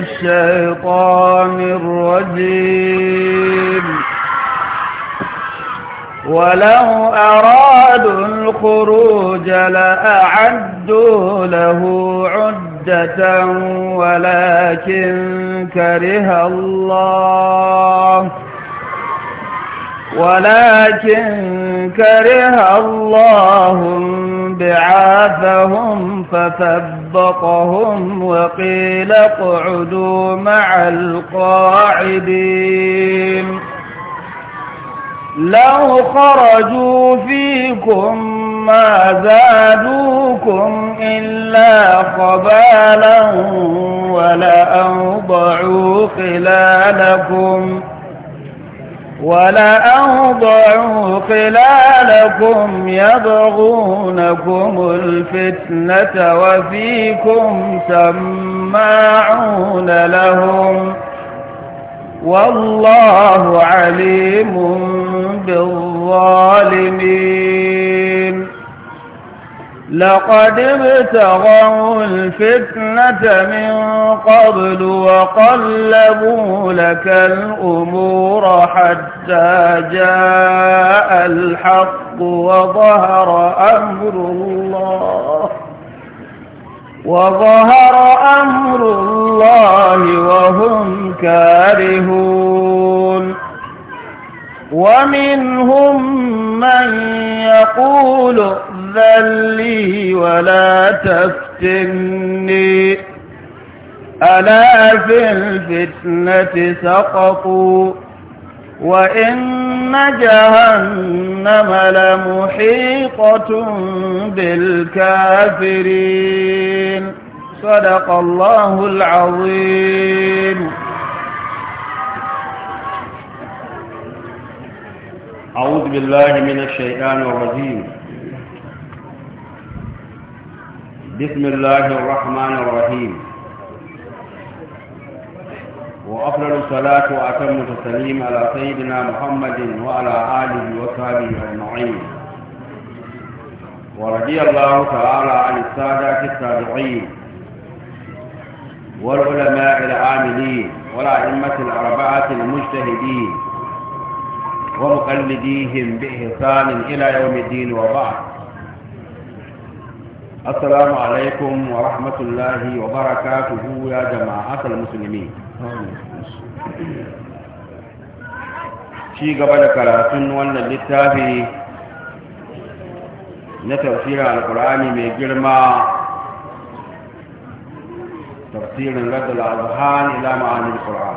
الشيطان الرجيم ولو أرادوا الخروج لأعدوا له عدة ولكن كره الله ولكن كره الله بعاثهم فثبطهم وقيل اقعدوا مع القاعدين لو خرجوا فيكم ما زادوكم إلا خبالا ولأوضعوا خلالكم ولأوضعوا خلالكم يبغونكم الفتنة وفيكم سماعون لهم والله عليم بالظالمين لقد ابتغوا الفتنة من قبل وقلبوا لك الأمور حتى جاء الحق وظهر أمر الله وظهر أمر الله وهم كارهون ومنهم من يقول لي ولا تفتني ألا في الفتنة سقطوا وإن جهنم لمحيطة بالكافرين صدق الله العظيم أعوذ بالله من الشيطان الرجيم بسم الله الرحمن الرحيم وأفضل الصلاة وأتم التسليم على سيدنا محمد وعلى آله وصحبه أجمعين ورضي الله تعالى عن السادة السابقين والعلماء العاملين والأئمة الأربعة المجتهدين ومقلديهم بإحسان إلى يوم الدين وبعد السلام عليكم ورحمة الله وبركاته يا جماعة المسلمين شيء قبل كراتون وانا للتابي نتوسير على القرآن من جرمى تفسير رد الأذهان إلى معاني القرآن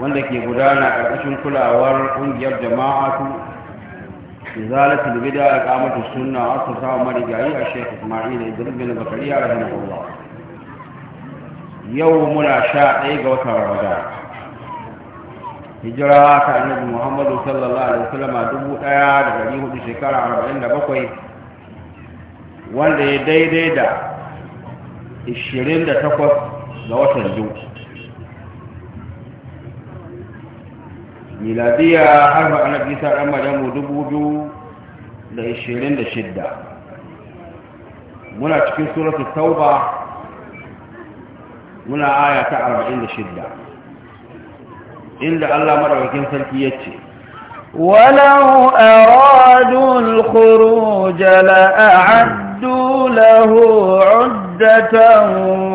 وانا كي قدانا كرأشن كل أول قنجر جماعة إزالة البدع إقامة السنة وأسسها مرجعي الشيخ إسماعيل إدريس بن زكريا رحمه الله يوم لا شاء إيغا وترمضان hijira ta annabi muhammadu sallallahu alaihi wasallam dubu daya da dari hudu shekara arba'in da bakwai wanda ya daidai da ishirin da takwas ga watan juni miladiya har ba ana bisa dubu da ishirin da shidda muna cikin suratu tauba muna aya ta arba'in da shidda inda allah maɗaukakin sarki ya ce ولو أرادوا الخروج لأعدوا له عدة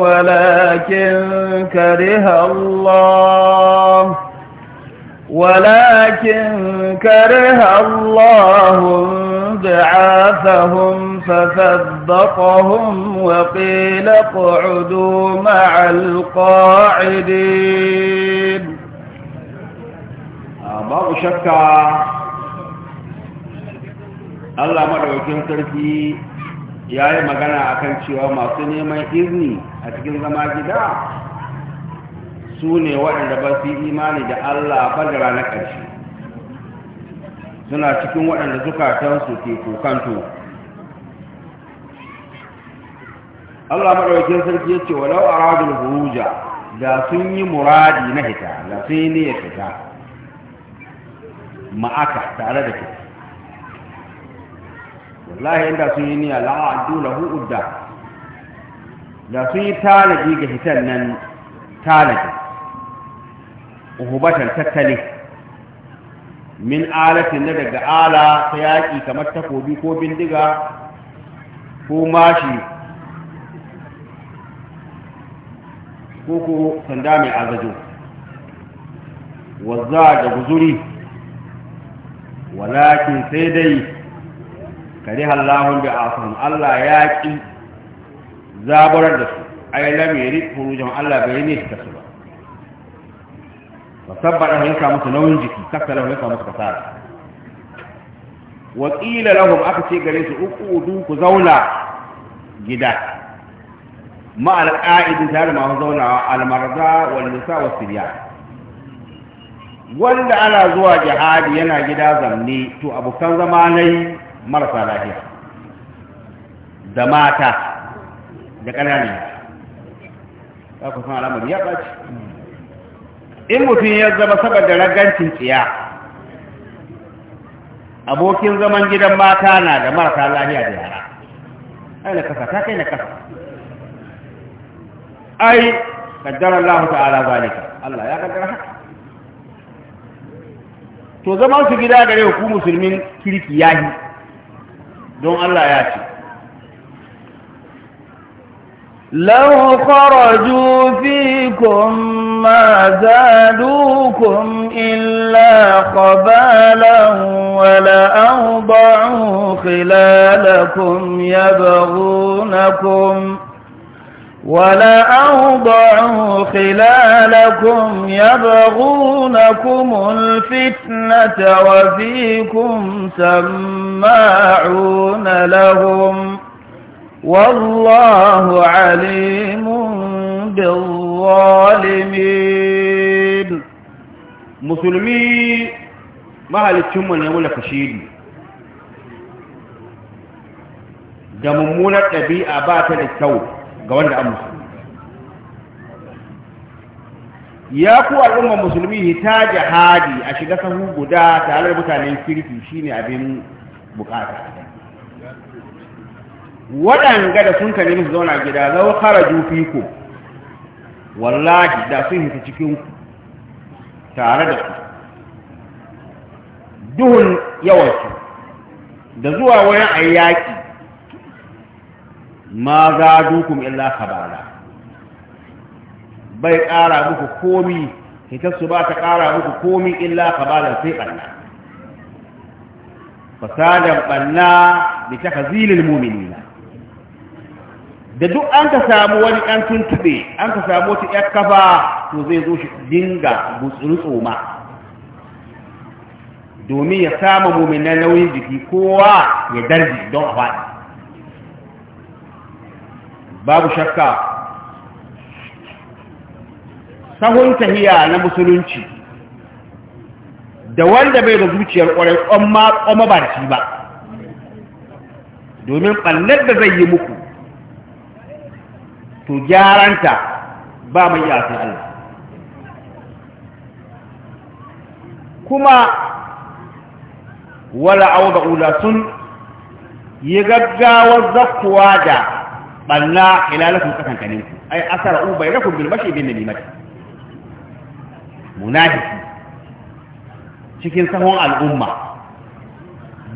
ولكن كره الله ولكن كره الله انبعاثهم فثبطهم وقيل اقعدوا مع القاعدين ما آه، شكا الله مدعو كن تركي يا ايما كان اكن شيوا ما سنيما اذني اتكن زمان جدا su ne waɗanda ba su yi imani da Allah ba da ranar ƙarshe suna cikin waɗanda zukatansu ke kokanto Allah maɗaukin sarki ya ce walau a radul huruja da sun yi muradi na hita da sun yi niyyar fita ma'aka tare da ke wallahi inda sun yi niyyar la'adu lahu hu'udda da sun yi tanadi ga hitan nan tanadi uhubatan tattali min alatin na daga ala ta yaƙi kamar takobi ko bindiga ko mashi ko ko sanda mai azajo wazza da guzuri walakin sai dai kare hallahun da asun allah ya ƙi zabarar da su ai lam yari furujan allah bai ne su ba fasabbara yanka musu nauyin jiki kasala yanka musu kasara wa qila lahum aka ce gare su uqudu ku zauna gida ma al qa'idin tare ma zauna al marza wal nisa was sibyan wanda ana zuwa jihadi yana gida zamne to abokan zama nai marasa lafiya da mata da ƙananan ya san alamar ya ɓaci in mutum ya zama saboda ragancin tsiya abokin zaman gidan mata na da marasa lahiya da yara ai na kasa ta kai na kasa ai kaddara Allah ta'ala zalika Allah ya kaddara haka to zaman su gida gare ku musulmin kirki yahi don Allah ya ce لو خرجوا فيكم ما زادوكم إلا خبالا ولأوضعوا خلالكم يبغونكم ولأوضعوا خلالكم يبغونكم الفتنة وفيكم سماعون لهم والله عليم بالظالمين musulmi mahalicinmu ne mula kashidi da mummunar ɗabi'a ba ta da kyau ga wanda an musulmi ya ku al'ummar musulmi hita jihadi a shiga sahu guda tare da mutanen kirki shine abin bukata waɗanga da sun yi musu zauna gida zau kharaju fiku wallahi da sun hita cikin tare da ku duhun yawansu da zuwa wani ayyaki ma za dukum illa kabala bai ƙara muku komi hitarsu ba ta ƙara muku komi illa kabala sai ɓanna fasadan ɓanna da ta hazilin muminina da duk an ka samu wani ɗan tuntube an ka samu wata ‘yar kafa to zai zo shi dinga ma domin ya samu muminan nauyin jiki kowa ya darji don a faɗi babu shakka sahun tahiya na musulunci da wanda bai da zuciyar ƙwarai ƙwamma ba da shi ba domin ɓallar da zai yi muku to gyaranta ba mai yasin Allah kuma wala auda ula sun yi gaggawar zakkuwa da ɓanna ilalakun tsakankanin ku ai asara ubai rakun bilmashi bin nilimati munafiki cikin sahon al'umma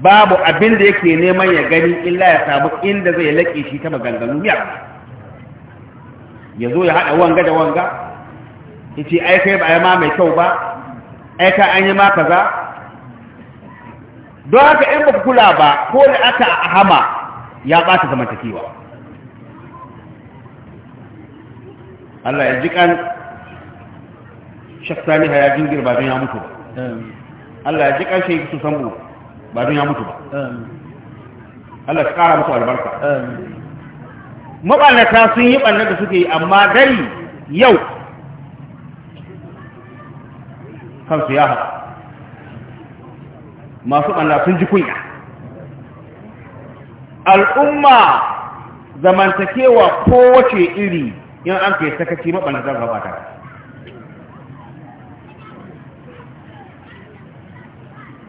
babu abin da yake neman ya gani illa ya samu inda zai laƙe shi ta maganganu miya ya zo ya haɗa wanga da wanga ya ce ai kai ba a yi ma mai kyau ba ai ka an yi ma kaza don haka in ba kula ba ko da aka hama ya ɓata zamantakewa Allah ya ji kan shaktani ya jingir ba don ya mutu ba Allah ya ji kan shi su sambo ba don ya mutu ba Allah ya ƙara mutu albarka maɓalata sun yi ɓanna da suke yi amma dai yau kansu ya haɗu masu ɓanna sun ji kunya al'umma zamantakewa kowace iri in an ke sakaci maɓallata zan ta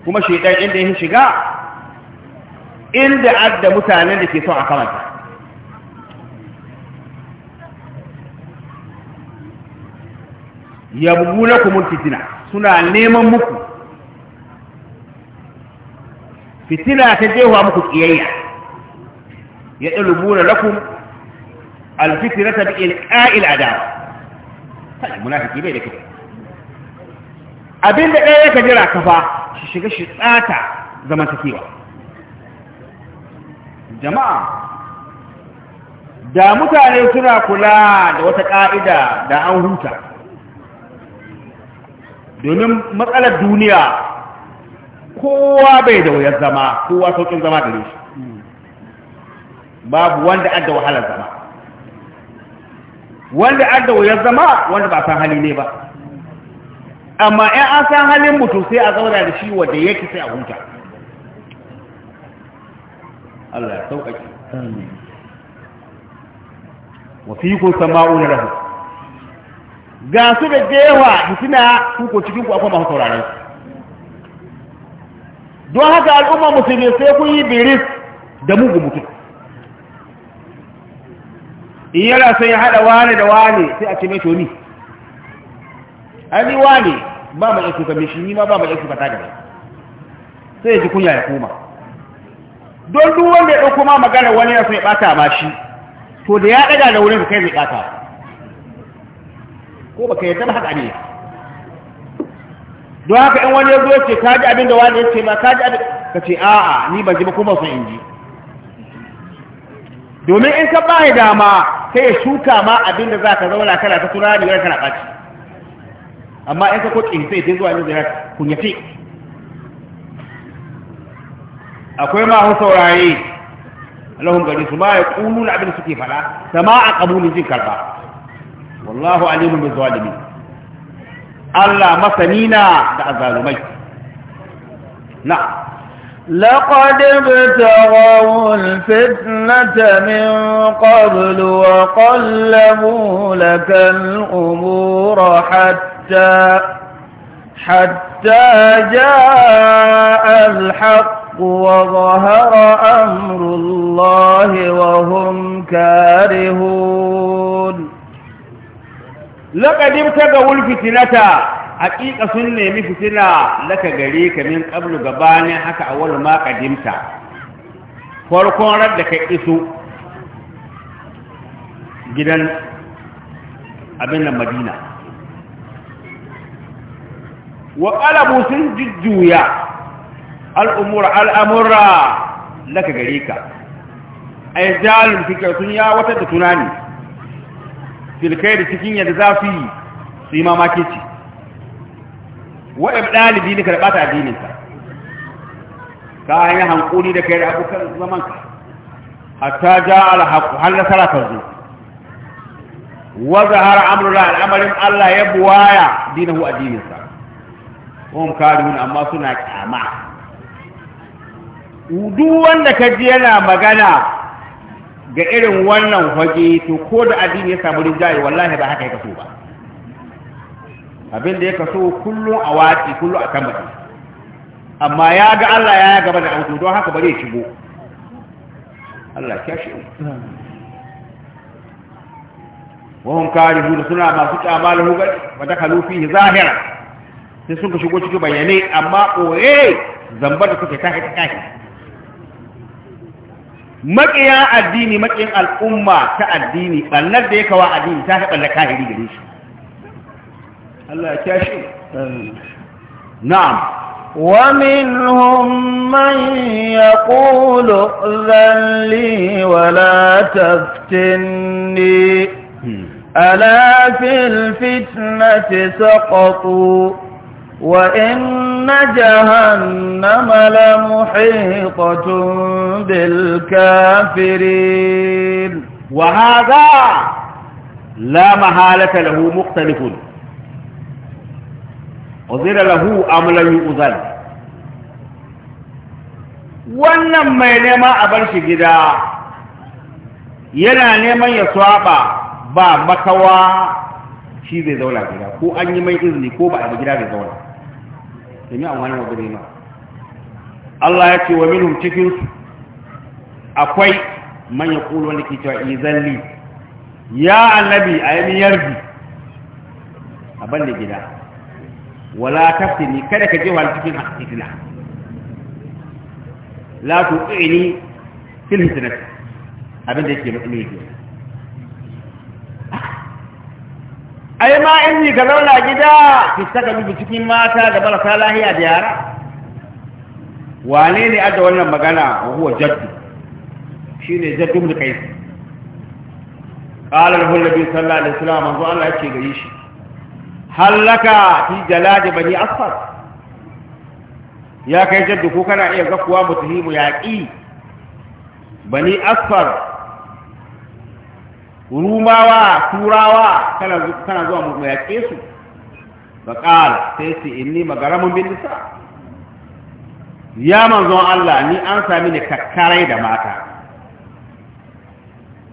kuma shi ɗan inda ya shiga inda adda mutanen da ke son a kamata yabghunakum fitina suna neman muku fitina ta jewa muku kiyayya ya dalubuna lakum alfitrata bi ilqa'il adab sai munafiki bai da kike abinda ɗaya ka jira kafa, shi shiga shi tsata zaman sakewa jama'a da mutane suna kula da wata ƙa'ida da an huta domin matsalar duniya kowa bai da wuyar zama kowa saukin zama gare shi babu wanda adda wahalar zama wanda adda wuyar zama wanda ba san hali ne ba amma in an san halin mutum sai a zauna da shi ya yake sai a huta Allah ya sauƙaƙi wa fi kun na lahu ga su da jewa fitina kuku cikin ku akwai masu sauraron su don haka al'umma musulmi sai kun yi biris da mugu mutum in yana sai ya haɗa wane da wane sai a ce mai shoni an yi ba mai yanku kame shi ni ma ba mai yanku kata gare sai ya ji kunya ya koma don duk wanda ya ɗauko ma magana wani ya sai ya ɓata ma shi to da ya ɗaga da wurin da kai zai ɓata ko baka yarda ba haka ne don haka in wani ya zo ce kaji abin da wani ya ce ma kaji abin ka ce a'a ni ba ji ba kuma sun inji domin in ka bai dama sai ya shuka ma abin da za ka zauna kana ta tura ne kana ɓaci amma in ka kwaƙi sai ta zuwa yanzu ya kunyace akwai ma hu saurare lahum gari su ma ya ƙunu abin da suke faɗa sama a ƙabulin jin karɓa والله عليم بالظالمين الله مسنينا masanina da نعم. لقد ابتغوا الفتنة من قبل وقلبوا لك الأمور حتى حتى جاء الحق وظهر أمر الله وهم كارهون laƙadim ta ga wulfitinata haƙiƙa sun nemi fitina laka gare ka min ƙablu gabanin haka a wani ma ƙadimta farkon rar ka iso gidan abin da madina wa ƙalabu sun jujjuya al'umura al'amura laka gare ka a yi jalin fikar sun ya wata da tunani bilkai cikin yadda za su yi su yi mamaki ci waɗanda ɗalibi ne ka da ɓata ta hanyar hankuli da kai da abokan zamanka hatta ja alhaku har nasara ta zo wa har amurra al'amarin Allah ya buwaya dinahu addininsa wahum karihun amma suna kyama duk wanda ka ji yana magana ga irin wannan hoge to ko da addini ya samu rinjaye wallahi ba haka ya kaso ba abin da ya kaso kullum a wati, kullum a kan amma ya ga Allah ya gaba da auto don haka bari ya shigo Allah ya shi wahun kari hudu suna masu kyama da hugar wata kalufi zahira sai suka shigo ciki bayyane amma oye zamba da suke ta ta kai maƙiyan addini maƙiyan al'umma ta addini ɓannar da ya kawa addini ta haɓar da kahiri gare shi Allah ya shi na'am ومنهم من يقول ائذن لي ولا تفتني ألا في الفتنة سقطوا وإن جهنم لمحيطة بالكافرين وهذا لا محالة له مختلف أذن له أم لم يؤذن wannan mai nema a bar shi gida yana neman ya swaba ba makawa shi zai zauna gida ko an yi mai izini ko ba a gida zai zauna domin a wani gare ma Allah ya ce wa minum cikinsu akwai manyan ya kulu wanda ke cewa izalli ya annabi a yi yarbi a banda gida wala ni kada ka je wani cikin fitina la tu tsini filin fitnati abin da yake matsaloli ai ma in yi ga zauna gida ki saka dubu cikin mata da marasa lahiya da yara wane ne adda wannan magana wa huwa jaddu ne jaddu ibn kai Ƙalar hulabi sallallahu alaihi wasallam manzo Allah ya ce gare shi hallaka fi jalad bani asfar ya kai jaddu ko kana iya gakuwa mutahimu yaqi bani asfar rumawa turawa kana zuwa mu yaƙe su fa qala sai ce inni magaramun bin nisa ya manzo Allah ni an sami ni kakkarai da mata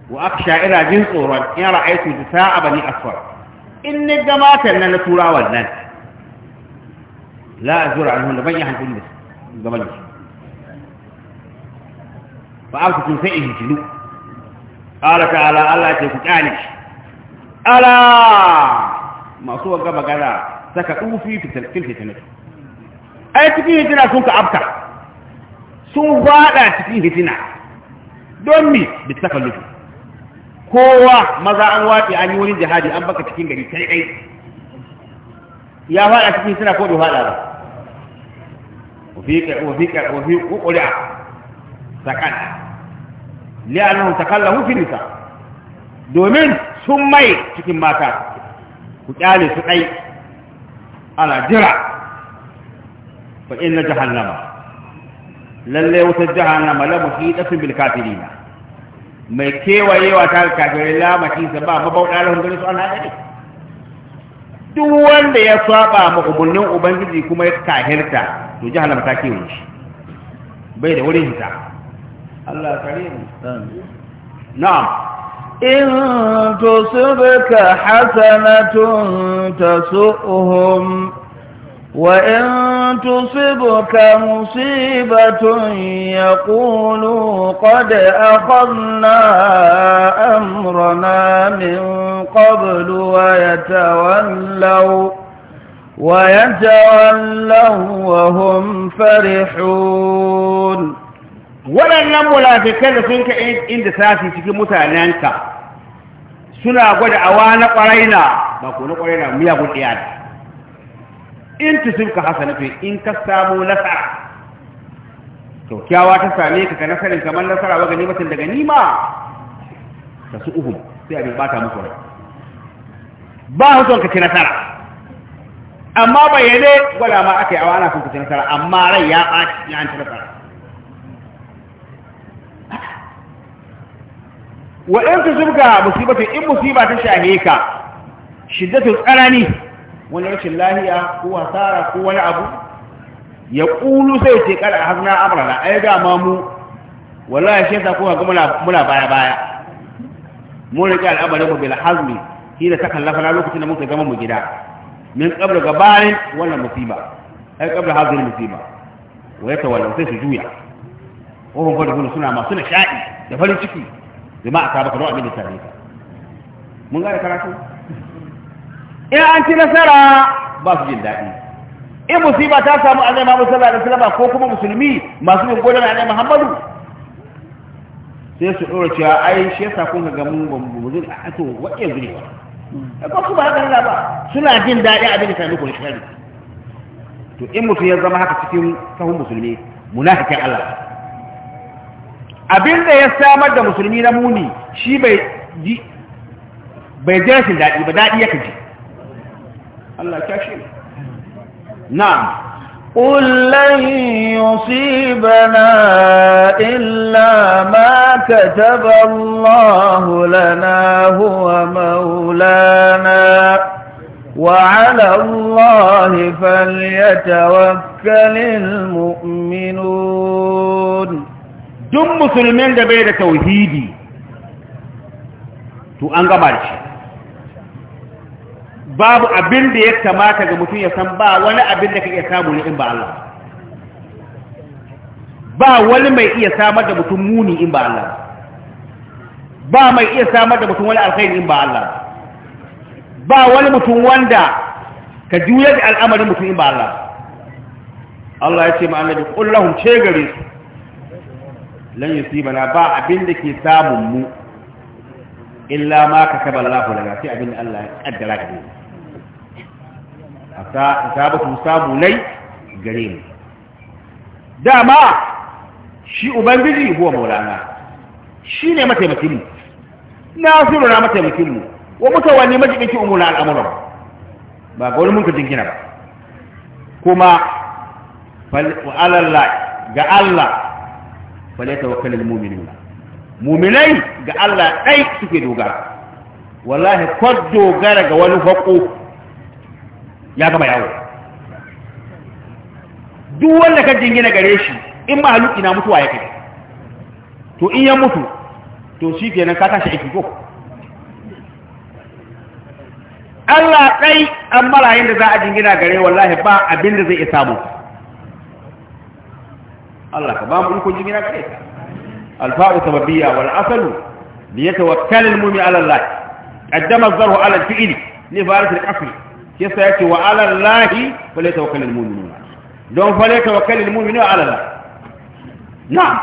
wa aksha ina jin tsoron in ra'aitu nisa'a bani asfar in ni ga matan nan na turawan nan la azura anhu ban yi hankali da su gaban su fa aka kun sai in jilu ƙara ta'ala Allah ce ku ƙyale shi ala masu wanga magana saka ɗufi fitarkin fitinatu ai cikin hitina sun ka afka sun faɗa cikin hitina don mi da saka lutu kowa maza an waɗe an yi wani jihadi an baka cikin gari kai ɗai ya faɗa cikin hitina ko bai faɗa ba wafi ƙuri'a sakana li'annahu takallamu fi nisa domin sun mai cikin mata ku kyale su dai ana jira fa inna jahannama lallai wata jahannama la muhidatun bil kafirin mai kewayewa ta kafirai la makisa ba mabauda lahun gare su an haɗe duk wanda ya saba ma ubunnin ubangiji kuma ya kahirta to jahannama ta kewaye shi bai da wurin hita الله كريم نعم إن تصبك حسنة تسؤهم وإن تصبك مصيبة يقولوا قد أخذنا أمرنا من قبل ويتولوا ويتولوا وهم فرحون waɗannan mulafikai da sun ka inda sashi cikin mutanenka suna gwada awa na ƙwarai na ba ko na ƙwarai na miyagun ɗaya in in sun ka hasa nufi in ka samu nasara kyaukyawa ta same ka ka nasarin kamar nasara wa ganimatin daga nima ta su uhun sai abin ba ta rai ba son ka ci nasara amma bayyane gwada ma aka yi awa ana son ka ci nasara amma rai ya ɓaci ya an ci nasara wa in tusibka musibatu in musiba ta shahe ka shiddatul tsanani wani rashin lahiya ko hasara ko wani abu ya kulu sai ce kada hazna amrana ai ga ma mu wallahi shi ta kuma muna muna baya baya mu rike al'amarin mu bil hazmi hina ta kallafa na lokacin da muka gama mu gida min qabla gabarin wannan musiba ai qabla hazil musiba wa yatawallu sai su juya ko hon fadu suna ma suna sha'i da farin ciki jama'a ta baka don abin da ta ka mun gane karatu in an ci nasara ba su jin daɗi in musiba ta samu annabi Muhammad sallallahu da wasallam ko kuma musulmi masu bin godon annabi Muhammadu sai su ɗora cewa ai shi yasa kun ga mun ba mu zuri a to waƙe zuri ba ko eh, kuma haka ne ba suna jin daɗi abin da sami ku shari to in mutum ya zama haka cikin sahun musulmi munafikin Allah abin da ya samar da musulmi na muni shi bai ji bai ji rashin daɗi ba daɗi ya kaji Allah ta shi na'am قل لن illa ma ما كتب الله لنا هو مولانا وعلى الله فليتوكل المؤمنون duk musulmin da bai da tauhidi to an gama da shi babu abin da ya kamata ga mutum ya san ba wani abin da ka iya samu ne in ba Allah ba wani mai iya samar da mutum muni in ba Allah ba mai iya samar da mutum wani alkhairi in ba Allah ba wani mutum wanda ka juya da al'amarin mutum in ba Allah Allah ya ce ma annabi qul ce gare su lan yusibana ba abin da ke samun mu illa ma kataba Allahu daga sai abin da Allah ya kaddara ga mu asa ku samu lai gare mu dama shi ubangiji huwa maulana shi ne mataimakin mu nasiru na mataimakin mu wa mutawalli majibinci umuna al'amuran ba ga wani mun ka jingina ba kuma wa alalla ga Allah falyatawakkal mumini mu'minai ga Allah dai suke dogara wallahi ko dogara ga wani fako ya gama yawo duk wanda ka jingina gare shi in ma haluki na mutuwa ya kai to in ya mutu to shi kenan ka tashi aiki ko Allah ɗai an marayin da za a jingina gare wallahi ba abin da zai isa mutu الله كبام يكون جميعا كيسا الفاء سببية والعسل ليتوكل المؤمن على الله عندما الظره على الفئل لفارة العسل كيسا يأتي وعلى الله فليتوكل المؤمن دون فليتوكل المؤمن على الله نعم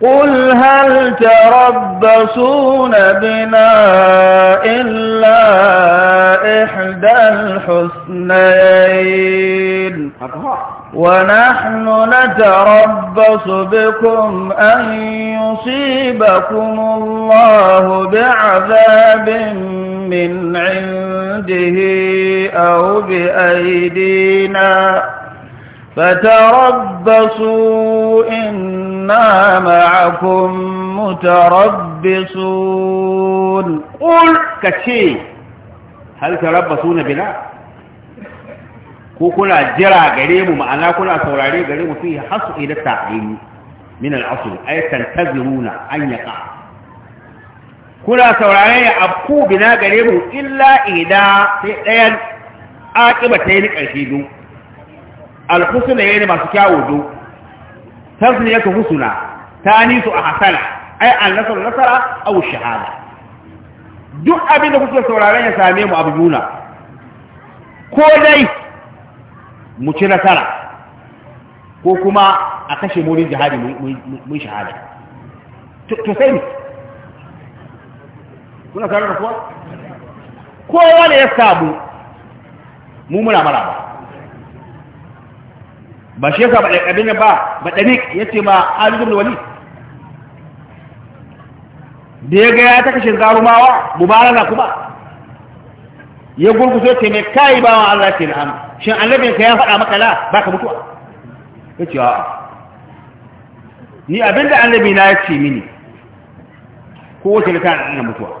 قل هل تربصون بنا إلا إحدى الحسنين ونحن نتربص بكم أن يصيبكم الله بعذاب من عنده أو بأيدينا فتربصوا إنا معكم متربصون قل كشي هل تربصون بنا ko kuna jira gare mu ma'ana kuna saurare gare mu fi hasu ila ta'limi min al-asl ay tantaziruna an yaqa kuna saurare ya abku bina gare mu illa ida sai dayan aqiba ta yi karshe du al-husna yayin masu kyawu du tasniyatu husna su ahsana ay an-nasr nasara aw shahada duk abin da kuke sauraren ya same mu abu ko dai mu ci nasara ko kuma a kashe murin jihadi mun shahada to sai ne kuna tare da kuwa kowa ne ya sabu mu muna mara ba ba shi yasa ba da kabin ba ba dani yace ma Ali ibn da ya gaya ta kashe zarumawa ba kuma ya gurguzo ce mai kai bawan Allah ce na'am shin annabin ka ya faɗa makala la baka mutuwa yace a ni abinda annabi na ya ce mini ko wace ne ta ina mutuwa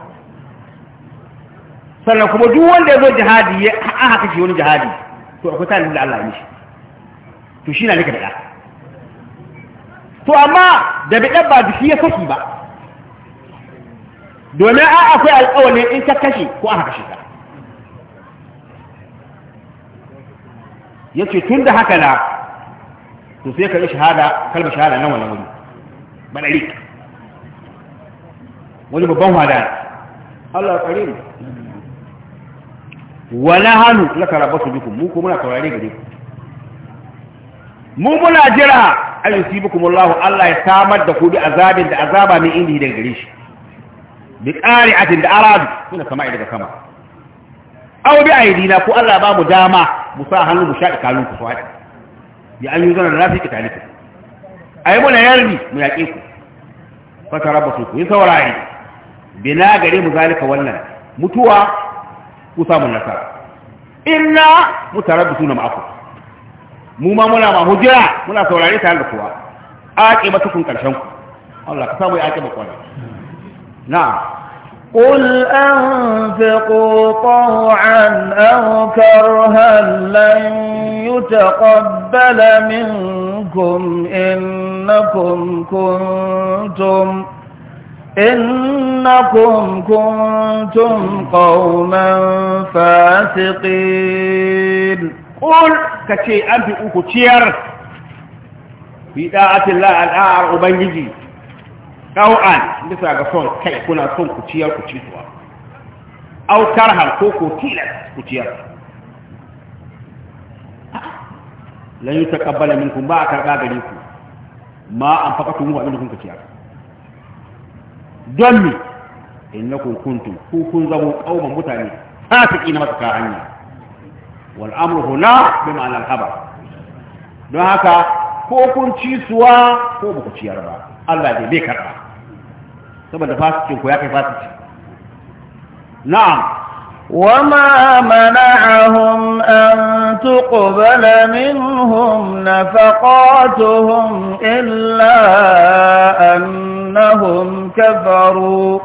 sannan kuma duk wanda ya zo jihadi ya an haka shi wani jihadi to akwai talibin da Allah ya mishi to shi na nika da to amma da bi ba jiki ya saki ba domin a akwai alƙawarin in ka kashe ko an haka shi ka Ya ce tun da haka na to sai ka yi shahada kalmar shahada nan wannan wuri badari wani babban wada Allah karim wa nahanu laka rabbatu bikum mu ko muna taurare gare ku mu muna jira an yusibukum Allah Allah ya samar da ku bi azabin da azaba min indi daga gare shi bi qari'atin da aradu kuna kama daga kama aw bi aidina ko Allah ba mu dama musa hannu mu shaɗa kanun ku fa'i ya an yi rafi ka talika a yi muna yarbi mu yaƙe ku fa tarabatu ku yin saurari bina gare mu zalika wannan mutuwa ku samun nasara inna mutarabbisu na ma'akum mu ma muna ma hujira muna saurare tare da kowa aqibatukum karshen ku Allah ka samu aqibatu kwana na'am قل أنفقوا طوعا أو كرها لن يتقبل منكم إنكم كنتم إنكم كنتم قوما فاسقين قل كشيء أنفقوا كتير في طاعة الله الآعر أبنجي ɗau'an bisa ga son kai kuna son ku ciyar ku ci kuwa aukar hanko ko tilas ku ciyar lan yi taqabbala minkum ba a karɓa gare ku ma an faka tumu wa da kun ciyar don mi innakum kuntum ku kun zamo kauman mutane ƙi na masaka hanya wal amru huna bi ma'anar haba? don haka ko kun ci suwa ko ba ku ciyar ba Allah bai karɓa saboda fasikin ku ya kai fasikin na'am وما منعهم أن تقبل منهم نفقاتهم إلا أنهم كفروا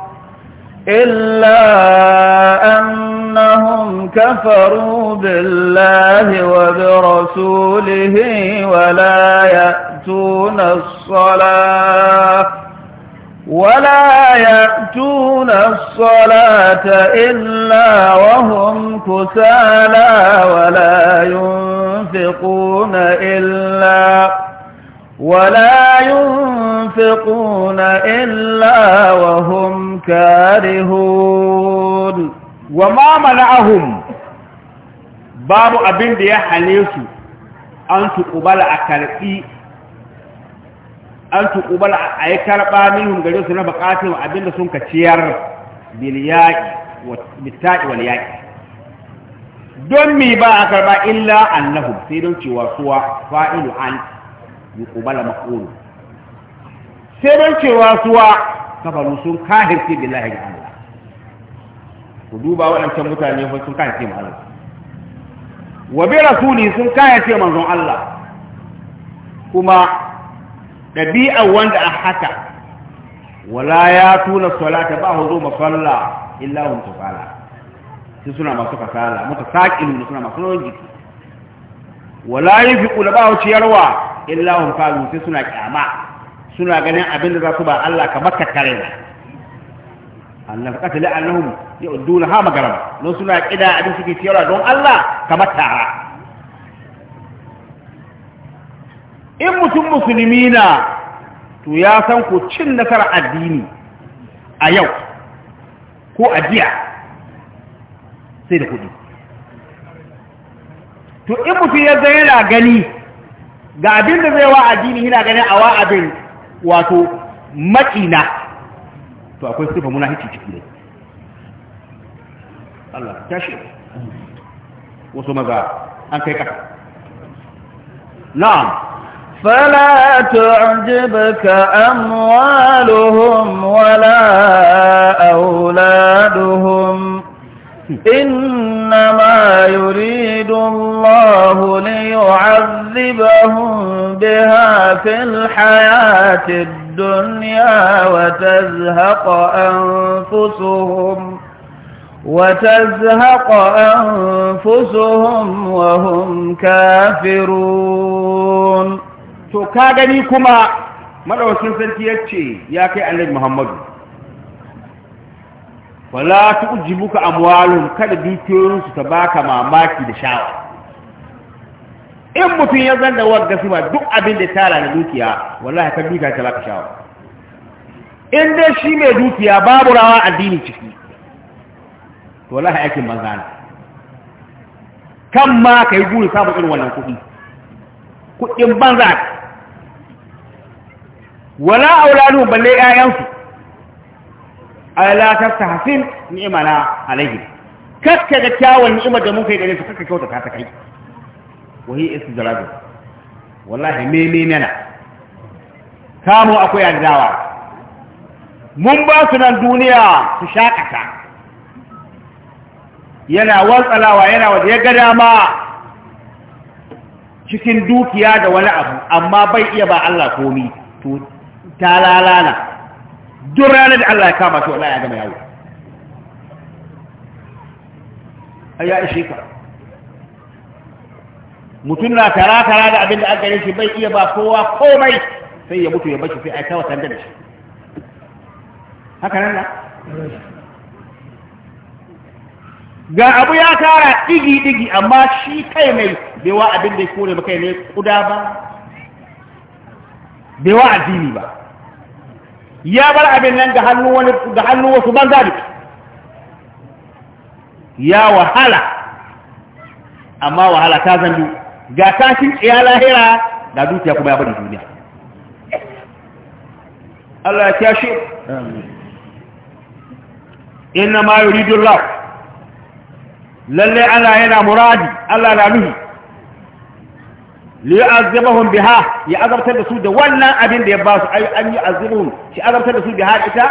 إلا أنهم كفروا بالله وبرسوله ولا يأتون الصلاة ولا يأتون الصلاة إلا وهم كسالى ولا ينفقون إلا ولا ينفقون إلا وهم كارهون وما منعهم باب أبن ديا حنيسو أن تقبل أكارئي an tuƙubar a yi karɓa minhum gare su na buƙatun abinda sun ka ciyar bil yaƙi wal yaƙi don mi ba a karɓa illa annahu sai don cewa suwa fa'ilu an yuqbala maqulu sai don cewa suwa kafaru sun kahirce billahi ga Allah ku duba waɗancan mutane sun kahirce ma Allah wa bi rasuli sun kahirce manzon Allah kuma ɗabi'ar wanda a haka wala ya tuna salata ba hudu zo masalla illa hum tufala sai suna masu fasala muta saƙin suna masu rawan jiki wala yufiqu la ba hu ciyarwa illa hum kalu sai suna ƙyama, suna ganin abin da za su ba Allah ka makka kare na Allah qatala annahum yu'duna ha magaraba don suna kida abin suke ciyarwa don Allah ka makka in mutum musulmi na to ya san ku cin nasarar addini a yau ko a jiya sai da kuɗi to in mutum ya zai yana gani ga abin da zai wa addini yana ganin a wa abin wato maƙina to akwai sifa muna hici ciki ne Allah tashi wasu maza an kai kasa na'am فلا تعجبك أموالهم ولا أولادهم إنما يريد الله ليعذبهم بها في الحياة الدنيا وتزهق أنفسهم وتزهق أنفسهم وهم كافرون to ka gani kuma madawacin sarki ya ce ya kai annabi muhammadu wala ta muka amwalun kada dukiyoyinsu ta baka mamaki da shawa in mutum ya zanda wagga sifa duk abin da tara na dukiya wala ya dukiya ta baka shawa in dai shi mai dukiya babu rawa addini ciki to wala ya banza ne kan ma yi guri samun irin wannan kuɗi kuɗin banza wala auladuhum balle ƴaƴansu ala tahsin ni'mana alayhi kakka da kyawun ni'imar da mun kai da su kakka kyauta ta kai wahi istijrabu wallahi me me nana kamo akwai adawa mun ba su nan duniya su shakata yana wasalawa yana waje ya ga dama cikin dukiya da wani abu amma bai iya ba Allah komi to ta lalala duk ranar da Allah ya kama shi wallahi ya gama yawo ai ya ishe ka mutum na tara tara da abin da aka gare shi bai iya ba kowa komai sai ya mutu ya bashi sai ai ta watan da shi haka nan na ga abu ya tara digi digi amma shi kai mai bewa abin da ya kore ba kai ne kuda ba bewa addini ba ya bar abin nan ga hannu wani ga hannu wasu banza da ya wahala amma wahala ta zambi ga tashin ya lahira da dukiya kuma ya bar duniya Allah ya tashi inna ma yuridu Allah lalle ana yana muradi Allah na nuhi liyu'azzibahum biha ya azabtar da su da wannan abin da ya ba su ay an yu'azzibuhum shi azabtar da su biha ita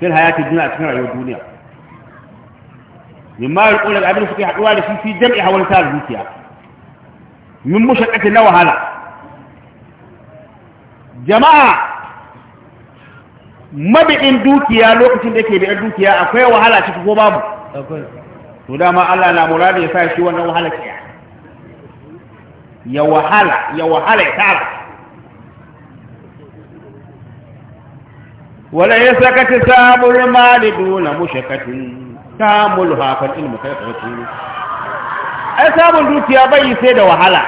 fil hayati dunya cikin rayuwar duniya ma mimma yaqulu abin suke haduwa da shi fi jam'i hawan ta zuciya min mushaqqati na wahala jama'a mabi'in dukiya lokacin da yake da dukiya akwai wahala ciki ko babu to dama Allah na muradi ya sa shi wannan wahala ke ya wahala ya wahala ya tara wala ya sakata sabul mali duna mushakatin samun hafan ilmu kai tsarki ai samun dukiya bai sai da wahala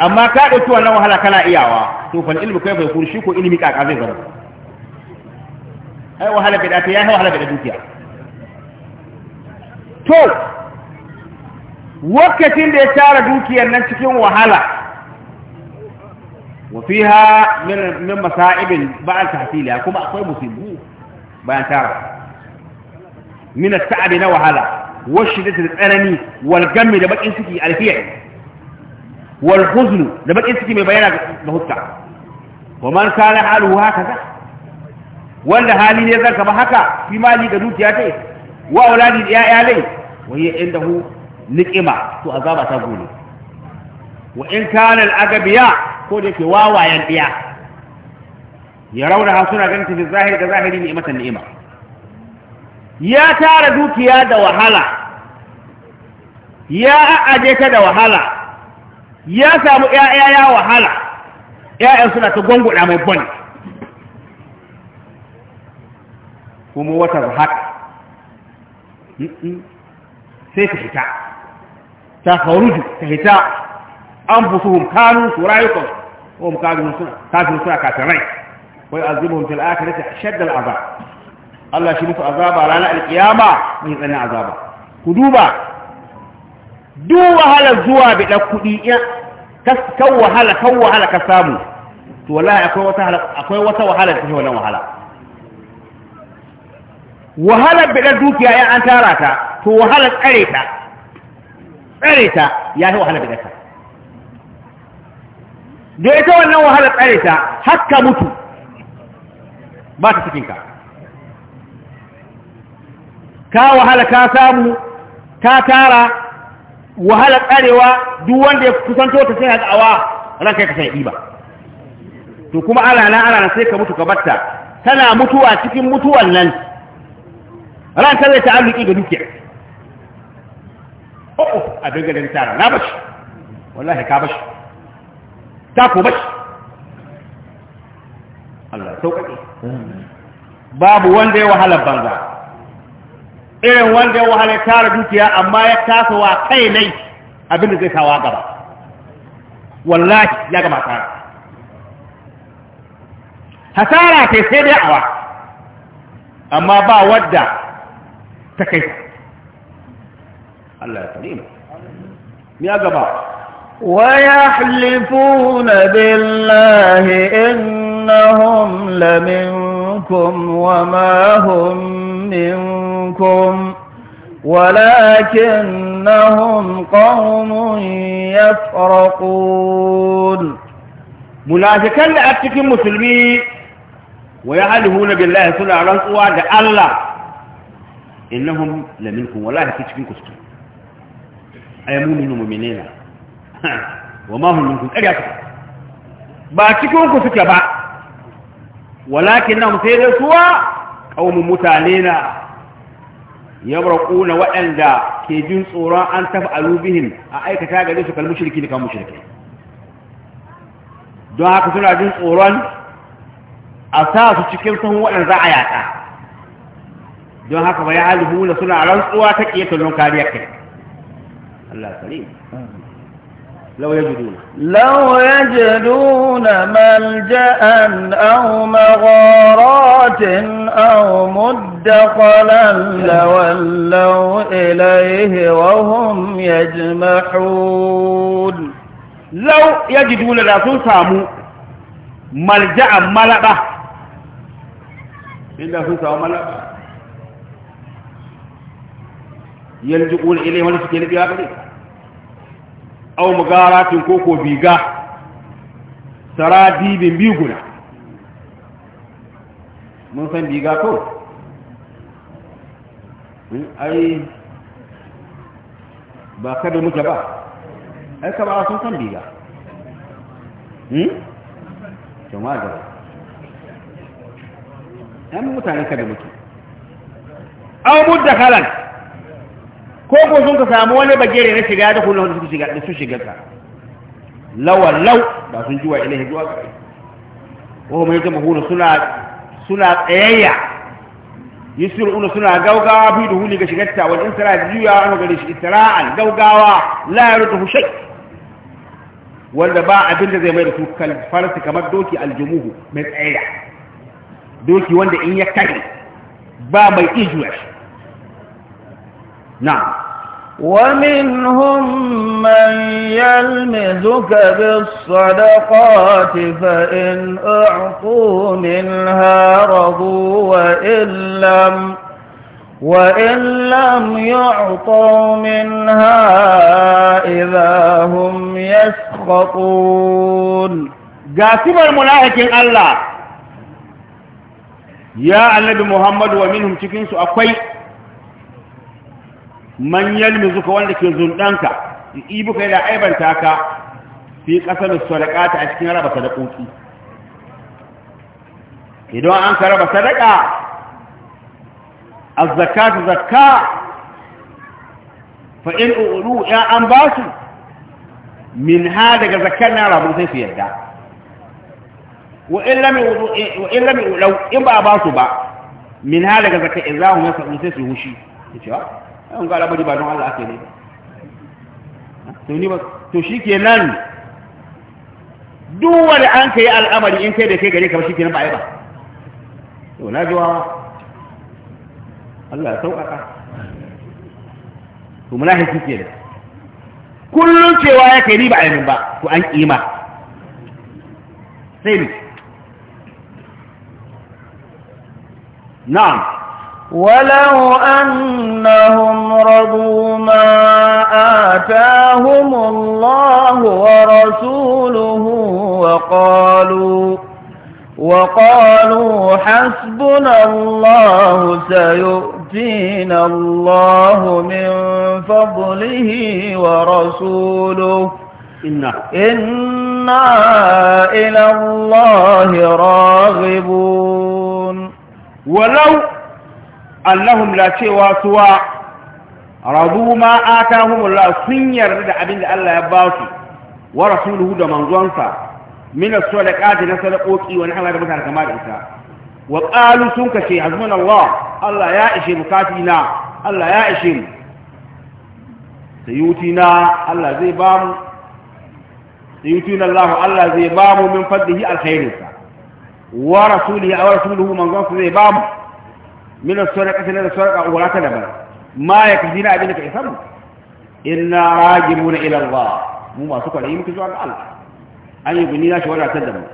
amma ka tuwa wannan wahala kana iyawa to fal ilmu kai bai kurshi ko ilmi kaka zai zama ai wahala bidata ya wahala bidata dukiya to wakacin da ya tara dukiyar nan cikin wahala wafiha min masa'ibin ba'al tahsiliya kuma akwai musibu bayan tara min as-sa'abi na wahala washidat da tsanani wal da bakin ciki alfiyar wal huzn da bakin ciki mai bayana ga hukka wa man kana haka hakaza wanda hali ne zaka ba haka fi mali ga dukiya tai wa auladi da ya'ya lai wa hiya indahu niƙima to azaba ta gole wa in kana al'agabiya ko da yake wawayen biya ya rauna ha suna ganin tafi zahiri da zahiri ne imatan ni'ima ya tara dukiya da wahala ya aje ta da wahala ya samu ƴaƴa ya wahala ya'yan suna ta gwangwada mai bane kuma wata haka sai ta hita ta kharuju ta hita an fusuhum kanu su rayukan ko mu kafin suna kafin suna kafin rai wa yu'azibuhum fil akhirati ashadda al azab Allah shi musu azaba ranar alkiyama mai tsanin azaba ku duba duk wahala zuwa bi dan kudi kan wahala kan wahala ka samu to wallahi akwai wata akwai wata wahala ta wannan wahala wahalar bidar dukiya ya an tara ta to wahalar tsare ta tsare ta ya yi wahalar bidar ta da ita wannan wahalar tsare ta haka mutu ba ta cikinka ka wahala ka samu ka tara wahala tsarewa duk wanda ya kusanto ta sai haka awa ran kai ka sai ɗiba to kuma ala na na sai ka mutu ka batta tana mutuwa cikin mutuwan nan ran ta zai ta'alluki ga dukiya oh, oh, a abin ganin tara na bashi wallahi ka bashi ta ko bashi Allah sauƙaƙe babu wanda ya wahala banza irin wanda ya wahala tara dukiya amma ya kasa wa kai nai abin da zai kawo gaba wallahi ya gama tara hasara ke sai dai awa amma ba wadda تكيف الله Allah يا tsare ويحلفون بالله إنهم لمنكم وما هم منكم ولكنهم قوم يفرقون منافقا لأتك مسلمين ويحلفون بالله سنة رسوة الله innahum laminkum wallahi fi cikin ku suke ay mu'minu mu'minina wa ma hum minkum ka? ba cikin ku suke ba walakinnahum sai da suwa qaumun mutalina yabraquna waɗanda ke jin tsoron an taf'alu bihim a aikata gare su kalmu shirki da kan mushrike don haka suna jin tsoron a sa su cikin sahun waɗanda za a yaka. don haka ba ya alhu na suna rantsuwa take yake don kariya kai Allah salim لو يجدون لو يجدون ملجأ أو مغارات أو مدخلا لولوا إليه وهم يجمحون لو يجدون رسول سامو ملجأ ملبة إلا سامو ملبة يلجؤون إليه ولا سكين بها قليل أو مغارات كوكو بيغا سرادي بمبيغنا من سن بيغا كو أي ba kada muke ba ai ka ba sun san biga jama'a hmm? da ɗan mutane kada muke A'u mudda kalan ko ko sun ka samu wani bagere na shiga da kullum da suka shiga da su shiga ka law ba sun ji wa ilahi zuwa ga ko mai ta mahuru suna suna tsayayya yusruna suna gaugawa bi duhuli ga shigarta wal insara juya an gari shi isra'an gaugawa la yarudu shay wanda ba abin da zai mai da su kal farsi kamar doki aljumuhu mai tsayayya doki wanda in ya kare ba mai ijuwa shi نعم ومنهم من يلمزك بالصدقات فإن أعطوا منها رضوا وإن لم وإن لم يعطوا منها إذا هم يسخطون جاسم الملائكة الله يا النبي محمد ومنهم تكنس أقوي man yalmizuka wanda ke zundanka ibuka da aibanta ka fi kasar sadaqata a cikin raba sadaqoki idan an ka raba sadaqa az-zakatu zakka fa in ulu ya an basu min ha daga zakkan na rabu sai su yarda wa in lam yudu wa in lam yudu in ba basu ba min ha daga zakka izahu yasa sai su hushi ce an ga al'amari ba don Allah ake ne to ni ba to shikenan duk wanda an kai al'amari in kai da kai gare ka ba kenan ba ai ba to na zuwa Allah ya sauƙaƙa to ke da kullun cewa ya kai ni ba aimin ba to an kima sai ni na'am ولو أنهم رضوا ما آتاهم الله ورسوله وقالوا وقالوا حسبنا الله سيؤتينا الله من فضله ورسوله إنا, إنا إلى الله راغبون ولو annahum la cewa suwa radu ma atahumullah sun yarda da abin da Allah ya ba su wa rasuluhu da manzonsa min as-sadaqati na sadaqoki wa nahwa da mutane kama da ita wa qalu sun kace hazmuna Allah Allah ya ishe mu katina Allah ya ishe mu sayutina Allah zai ba mu sayutina Allah Allah zai ba mu min fadlihi alkhairinsa wa rasulihi wa rasuluhu manzonsa zai ba mu min as-sadaqati la sadaqa wa la kadaba ma yakzina abin ka isam inna rajibuna ila Allah mu masu kwalai muke zuwa ga Allah an yi na shi wadatar da mu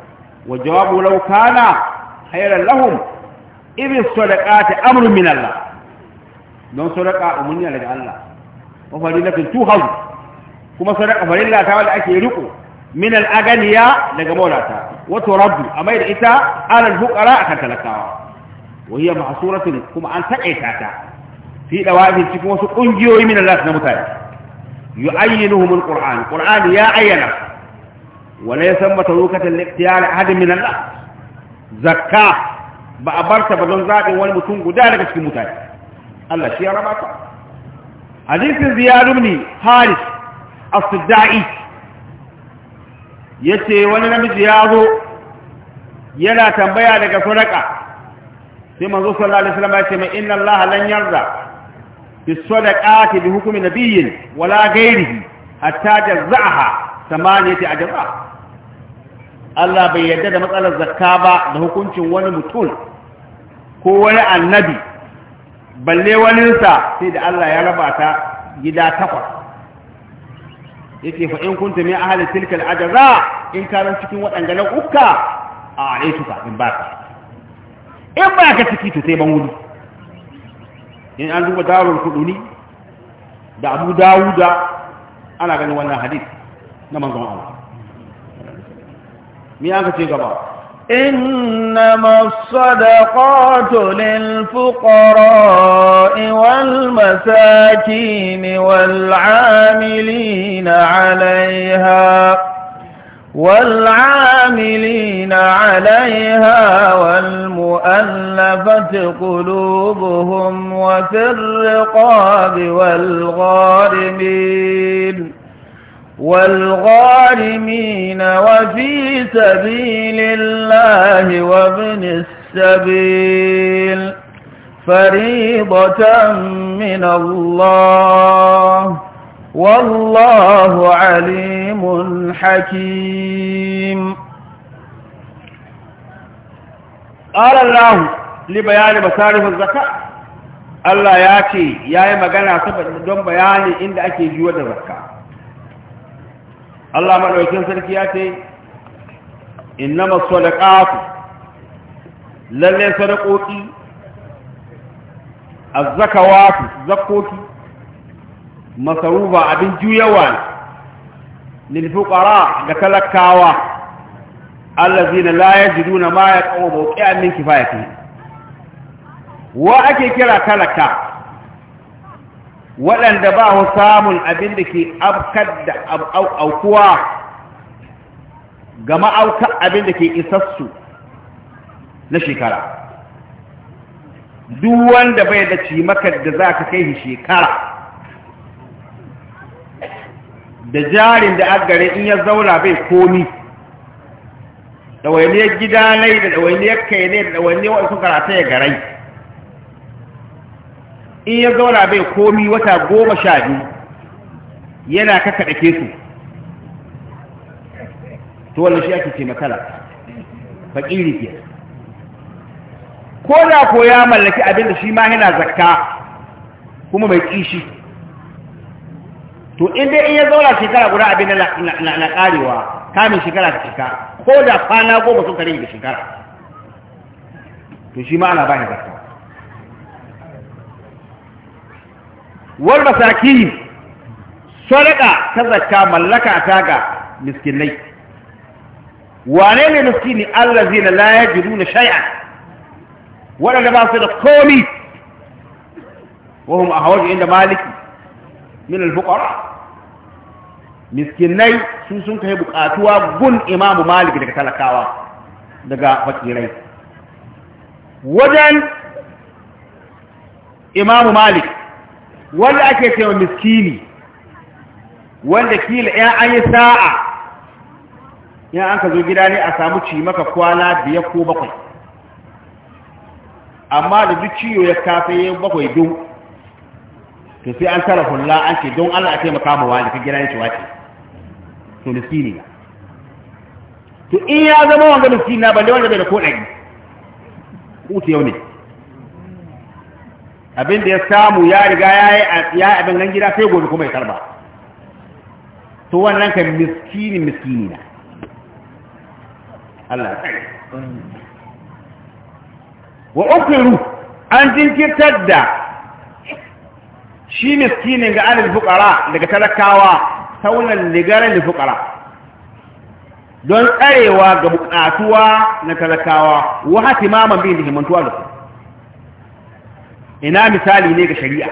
wa jawabu law kana khayran lahum ibn sadaqati amrun min Allah don sadaqa umunni daga Allah wa fadilatun tuhaz kuma sadaqa farilla ta wanda ake riƙo. Minan aganiya daga maulata Wato turaddu amma da ita ala al akan talakawa وهي معصورة كما أن تأيكاتا في دوائف تكون سقنجيوي من الناس نمتاي يعينهم القرآن القرآن يا عينه وليس متروكة لاختيار أحد من الله زكاة بأبرت بدون ذات والمتون قدالك في متاي الله شيء رباطا حديث زياد بن حارث الصدائي yace wani namiji ya zo yana tambaya daga sadaka sai manzo sallallahu alaihi wasallam ya ce mai inna allaha lan yarda bi sadaqati bi hukmi nabiyyin wala ghairihi hatta jazaha samaniyati ajra Allah bai yarda da matsalar zakka ba da hukuncin wani mutum ko wani annabi balle waninsa sai da Allah ya raba ta gida takwas yake fa in kunta min ahli tilka al-ajra in kana cikin wadannan ukka a alaytuka in baka in ba ka ciki to sai ban wuri in an duba darul kuduni da abu dawuda ana ganin wannan hadith na manzon Allah me aka ce gaba إنما الصدقات للفقراء والمساكين والعاملين عليها والعاملين عليها والمؤلفة قلوبهم وفي الرقاب والغارمين والغارمين وفي سبيل الله وابن السبيل فريضة من الله والله عليم حكيم قال الله لبيان مصارف الزكاة الله ياتي يا مغانا سبب دون بيان عند ake jiwa da zakka Allah madaukakin sarki ya ce innama sadaqatu lalle sadaqoti az-zakawatu zakoti Masarufa abin juyawa lil fuqara ga talakawa na allazina la yajiduna ma yaqawu mawqi'an kifaya kifayati wa ake kira talaka waɗanda ba hu samun abin da ke abkar da aukuwa ga ma'aukar abin da ke isassu na shekara duk wanda bai da cimakar da za ka kai shekara da jarin da gare in ya zauna bai komi ya gida nai da ya kai ne da ya wasu karata ya garai in ya zauna bai komi wata goma sha biyu yana kaka ke su to wani shi ake ce makala fakiri ke ko da ko ya mallaki abin da shi ma yana zakka kuma mai kishi to inda in ya zauna shekara guda abin na na karewa kamin shekara ta cika ko da kwana goma sun kare da shekara to shi ma ana ba ni zakka wal masaki sadaka ta zakka mallaka ta ga miskinai wane ne miskini allazina la yajiduna shay'an wadanda ba su da komi wa hum أحوج inda malik min al miskinai su sun kai bukatuwa gun imamu malik daga talakawa daga fakirai wajen imamu malik wanda ake cewa miskini wanda kila yan an yi sa'a in an ka zo gida ne a samu ci maka kwana biyar ko bakwai amma da duk ciwo ya kafa bakwai biyu. to sai an tara hulla an ce don Allah a taimaka ma wani ka gira yace wace to miskini na to in ya zama wanga miskini na balle wanda bai da ko ɗari uku yau ne abin da ya samu ya riga ya yi abin nan gida sai gobe kuma ya karba to wannan kan miskini miskini na Allah wa ukuru an jinkirtar da shi miskinin ga alil fuqara daga talakawa saunan ligaran da fukara don tsarewa ga bukatuwa na talakawa wa hatimaman da himantuwa da su ina misali ne ga shari'a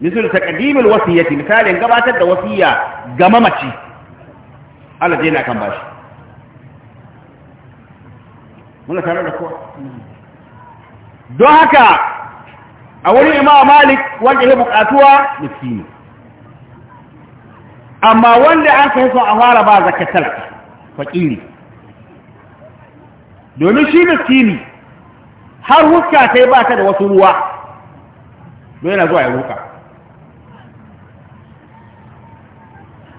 misal taqdimul wasiyyati misalin gabatar da wasiyya ga mamaci Allah zai na kan bashi muna tare da kuwa don haka a wurin imam malik wanda ya bukatuwa miskini amma wanda an kai son a fara ba zakatar fakiri domin shi miskini har huska sai ba ta da wasu ruwa don yana zuwa ya ruka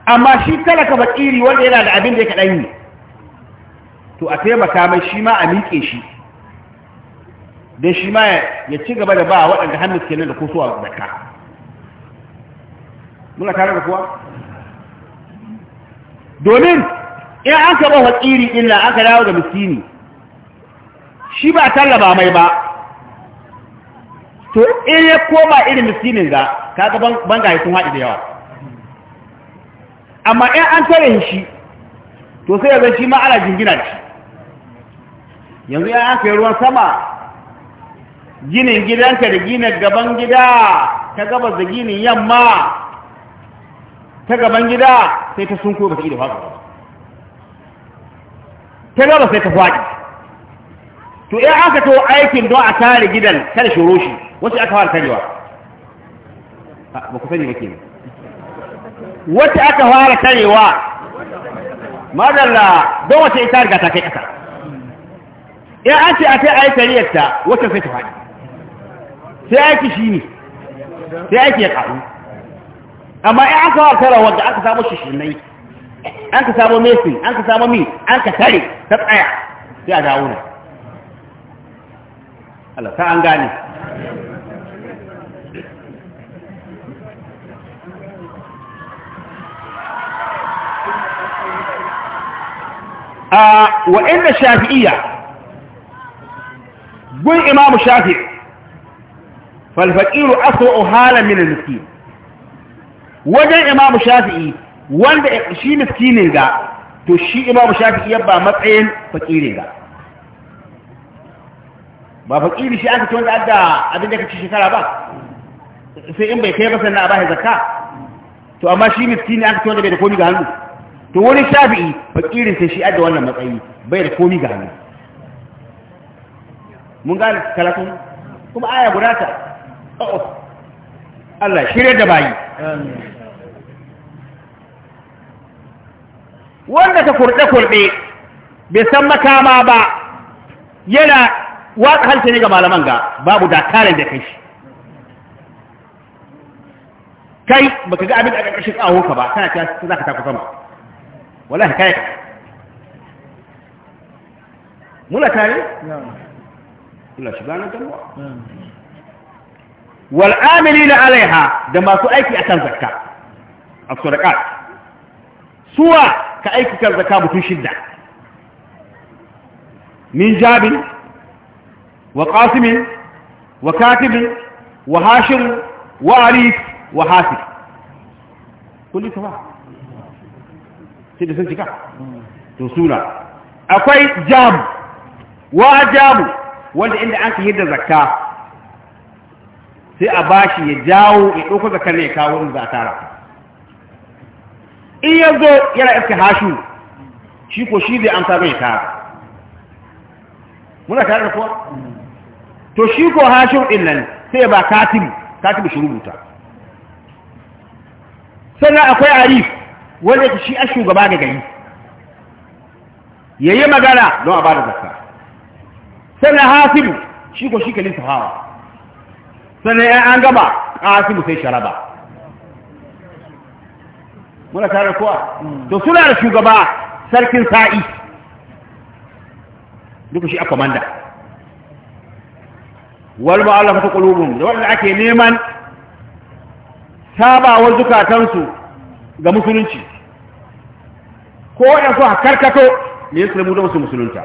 amma shi talaka fakiri wanda yana da abin da ya kaɗan yi to a taimaka mai shi ma a miƙe shi don shi ma ya ci gaba da ba waɗanda hannun ke nan da da ka muna tare da kuwa domin in an ka bawa tsiri illa aka dawo da miskini shi ba tallaba mai ba to in ya koma irin miskinin ga kaga bangaye sun haɗi da yawa amma in an tare shi to sai ya zai shi ma ana jingina da shi yanzu ya an yi ruwan sama ginin gidanka da ginin gaban gida ta gabas da ginin yamma ta gaban gida sai ta sunko ba ta ida faɗo ta gabas sai ta faɗi to in aka to aikin don a tare gidan kada shoro shi wasu aka fara tarewa ba ku sani ba ke wacce aka fara tarewa madalla don wace ita riga ta kai ƙasa in an ce a kai a yi tariyarta wacce sai ta faɗi sai aiki shi ne sai aiki ya ƙaru amma in aka wa tara wanda aka samu shishinai an ka samu mesin an ka samu mi an ka tare ta tsaya sai a dawo ne Allah ta an gane a wa'in da shafi'iyya gun imamu shafi'i falfaƙiru aswa'u hala min miskin wajen imamu shafi'i wanda shi miskinin ga to shi imamu shafi'i yabba matsayin faƙirin ga ba faƙiri shi aka tuwanda adda abin da ci shekara ba sai in bai kai ba sannan a bashi zakka to amma shi miski ne aka wanda bai da komi ga hannu to wani shafi'i faƙirin sai shi adda wannan matsayi bai da komi ga hannu mun gane kalatun kuma aya guda ta Oh. Allah shirya da bayi wanda ta kurɗe-kurɗe bai san makama ba yana watsa halce ne ga malaman ga babu dakalin da kai shi kai baka ga abin da ƙarƙashin ka ba kana cewa za ka taku sama ka kai mula tare? Allah shi ganin damuwa wal na alaiha da masu aiki a kan zakka as-sadaqat suwa ka aiki kan zakka mutum shidda min jabin wa qasimin wa katibin wa hashim wa arif wa hasib kulli sawa sai da sun cika to suna akwai jam wa jamu wanda inda an ka hidda zakka sai a bashi ya jawo ya ɗauko zakar ne ya kawo wani za a tara in ya zo yana iska hashu shi ko shi zai amsa mai tara muna tare da kuwa to shi ko hashin ɗin nan sai ba katibu katibu shi rubuta sannan akwai arif wanda yake shi a gaba da gari ya yi magana don a ba da zakka sannan hasibu shi ko shi kalin sahawa sannan ya an a kasimu sai sharaba muna tare kuwa hmm. to suna da shugaba sarkin sa'i duka shi a komanda wal mu'allafatu kulubun da wanda ake neman sabawar zukatansu ga musulunci ko ya so karkato ne su da musulunta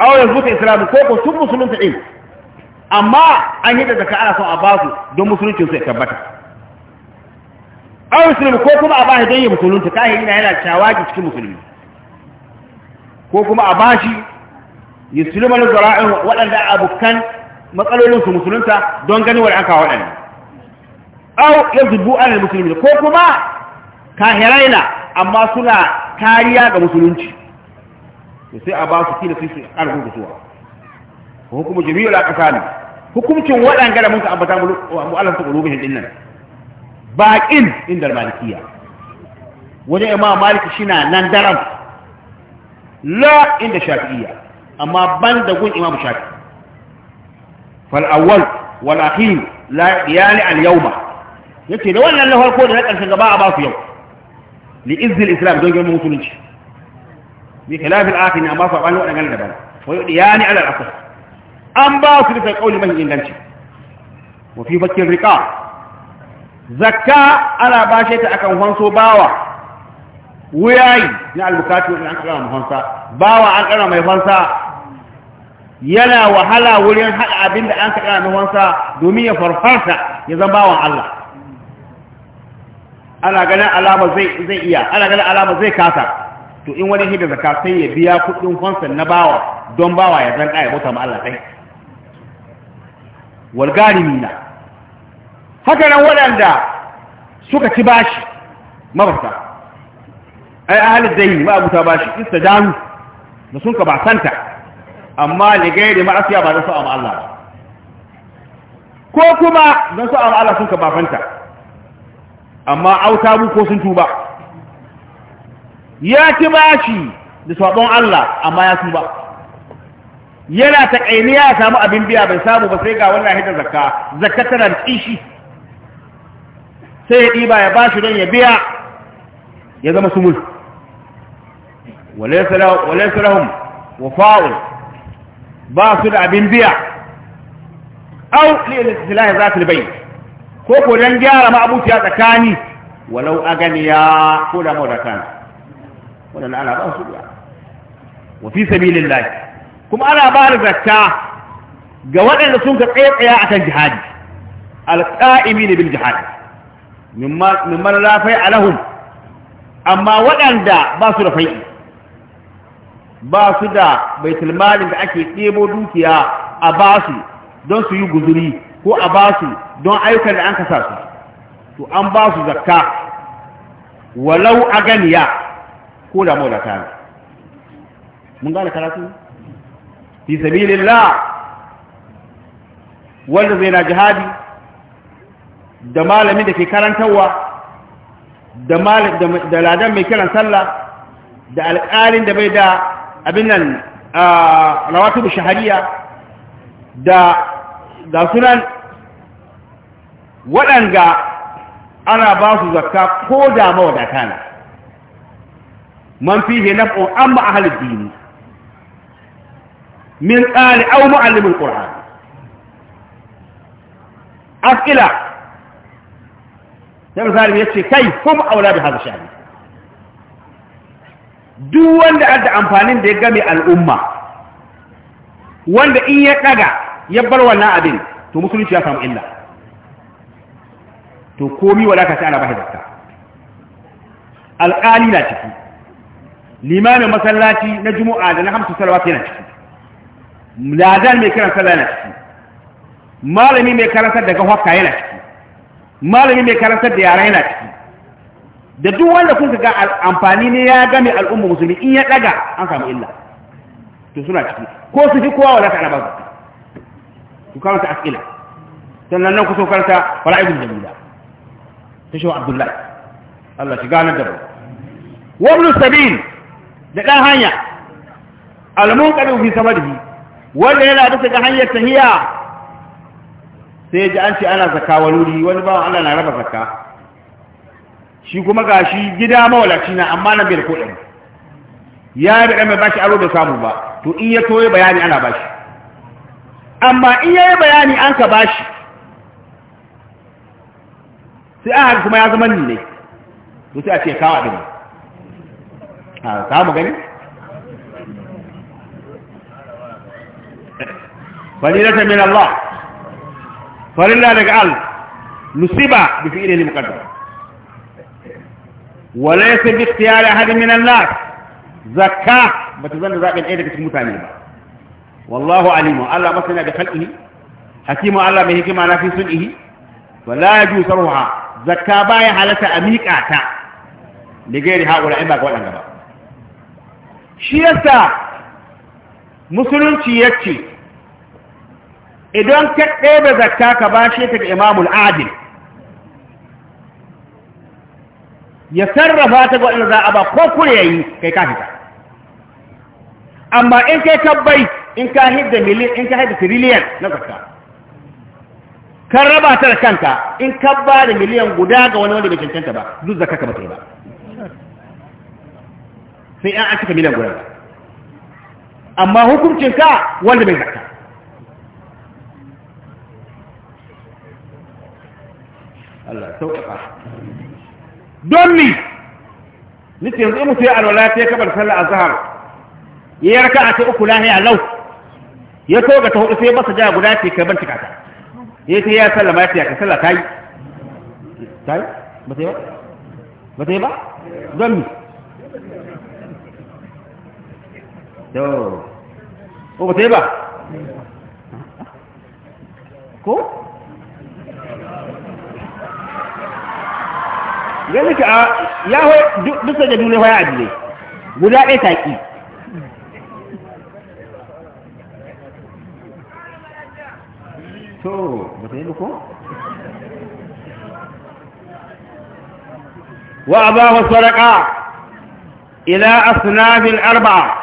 A yanzu ka islamu ko ko sun musulunta din amma an yi da zaka ana son a ba su don musulunci su ya tabbata aw musulmi ko kuma a ba shi don ya musulunta ta ina yana shawaki cikin musulmi ko kuma a ba shi yi na zara'in waɗanda abokan matsalolin su musulunta don ganin wani an kawo waɗanda ya zubu ala musulmi ko kuma ka hiraina amma suna kariya ga musulunci sai a ba su kila su su ƙarfin da suwa hukumu jami'ul aqsami hukuncin waɗanga da muka ambata mu'alar su ƙulubihin ɗin dinnan, baƙin inda malikiya wajen imam maliki shi na nan daram la inda shafi'iyya amma ban da gun imam shafi fal'awwal wal akhir la yali al yawma yace da wannan lahar ko da na ƙarshen gaba a ba su yau li izzil islam don girman musulunci bi khilaf al akhir amma fa ban waɗannan daban wa yadi yani al asr an ba su bisa kauli mafi inganci mafi fi bakin rika zakka ana ba shi ta akan hanso bawa wuyayi na albukatu wani an kara mai hansa bawa an kara mai hansa yana wahala wurin haɗa abin da an kara mai hansa domin ya farfarta ya zan bawa Allah ana ganin alama zai iya ana ganin alama zai kasa to in wani hidda zakka sai ya biya kuɗin hansa na bawa don bawa ya zan ɗaya mutum Allah ɗai. walgarimina haka nan waɗanda suka ci bashi mabata ai ahalin zai ba abuta bashi ista danu da sun ka ba santa amma ligairi ma'asiya ba da su amma Allah ba ko kuma don su amma Allah sun ka ba santa amma auta mu ko sun tuba ya ci bashi da sabon Allah amma ya tuba yana ta kainiya ya samu abin biya bai samu ba sai ga wannan hidda zakka zakka tana kishi sai ya ɗiba ya bashi don ya biya ya zama sumul walaysa lahum wafa'ul ba su da abin biya au li al-istilah zat bai? ko ko dan gyara ma abuciya tsakani walau aganiya ko da mawadatan wannan ana ba su biya Wafi fi sabilillah kuma ana ba da zakka ga waɗanda sun ka tsaya a kan jihadi alƙa'imi ne bil jihadi lafai rafai alahum amma waɗanda ba su da fai'i ba su da bai tilmalin da ake ɗebo dukiya a ba su don su yi guzuri ko a ba su don ayyukan da an kasa su to an ba su zakka walau a ganiya ko da maulata ne mun gane karatu fi sabilillah wanda zai na jihadi da malamin da ke karantarwa da da ladan mai kiran sallah da alƙalin da bai da abin nan rawatu shahariya da ga sunan waɗanga ana ba su zakka ko da mawadata na man fihe naf'un amma a dini min qali aw muallim alquran as'ila sai misali yace kai hum aula bi hadha sha'ani duk wanda adda amfanin da ya game al'umma wanda in ya ɗaga ya bar wannan abin to musulunci ya samu illa to komi wadaka ta ana bahidarta alƙali na ciki limamin masallaci na juma'a da na yana ciki ladan mai kiran sallah yana ciki malami mai karantar da gafaka yana ciki malami mai karantar da yara yana ciki da duk wanda kun ga amfani ne ya game al'umma musulmi in ya daga an samu illa to suna ciki ko su fi kowa wala ta ana ba su karanta as'ila sannan nan ku so karanta fara'idul jamila ta wa abdullahi Allah shi gane da mu wa ibn sabil da dan hanya al-munqadi fi sabadihi wanda yana bisa ga hanyar tahiya sai ji an ce ana zakka waluri wani bawan Allah na raba zakka shi kuma gashi gida mawalaci na amma na bil kuɗin ya bi mai bashi aro da samu ba to in ya toye bayani ana bashi amma in yayi bayani an ka bashi sai aka kuma ya zama ni ne to sai a ce kawo ha a mu gani fadilata min Allah farilla daga al nusiba bi fi'li al-muqaddam wa laysa bi ikhtiyar ahad min an-nas zakka bata zanda zaben ɗaya daga cikin mutane ba wallahu alimu Allah masana da khalqihi hakimu Allah mai hikima na fi sun'ihi wala yaju sarha zakka baya halata amika ta da gairi haƙura in ba ga waɗanda ba shi yasa musulunci ya ce idan ka ɗebe zakka ka shi ta ga imamul adil ya sarrafa ta ga za a ba ko kure yayi kai ka fita amma in kai tabbai in ka hidda miliyan in ka hidda trillion na zakka kan raba ta da kanta in ka ba da miliyan guda ga wani wanda bai cancanta ba duk zakka ka ba ta yi ba sai an cika miliyan guda amma hukuncin ka wanda bai zakka Allah sauƙaƙa don ni ni ce yanzu mutu ya alwala ta ya kabar sallar azhar ya yi raka a ta uku lahiya lau ya toga ta hudu sai masa jaya guda ce kai ban cika ta ya yi ce ya sallah ma ya ce ka sallah ta yi ta yi ba ta yi ba ba ta yi ba don ni to ko ba ta yi ba ko ya muke a ya ho duk da dune ho ya adile guda ɗaya taki to ba ta yi ko wa abahu sadaqa ila asnafin arba'a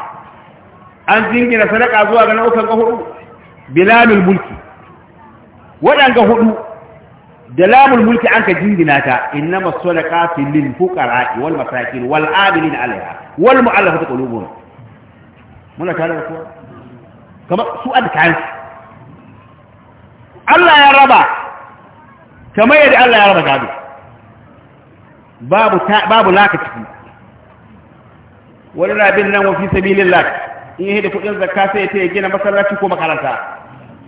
an jingina sadaqa zuwa ga nau'ukan hudu bilalul mulki waɗanga hudu da lamul mulki an ka jingina ta inna masadaqatu lil fuqara wal masakin wal amilin alaiha wal mu'allafati qulubuhum muna tare da ku kamar su an kayan Allah ya raba kama yadda Allah ya raba gado babu babu laka ciki wani rabin nan wafi sabilillah in yi da kudin zakka sai ya gina masallaci ko makaranta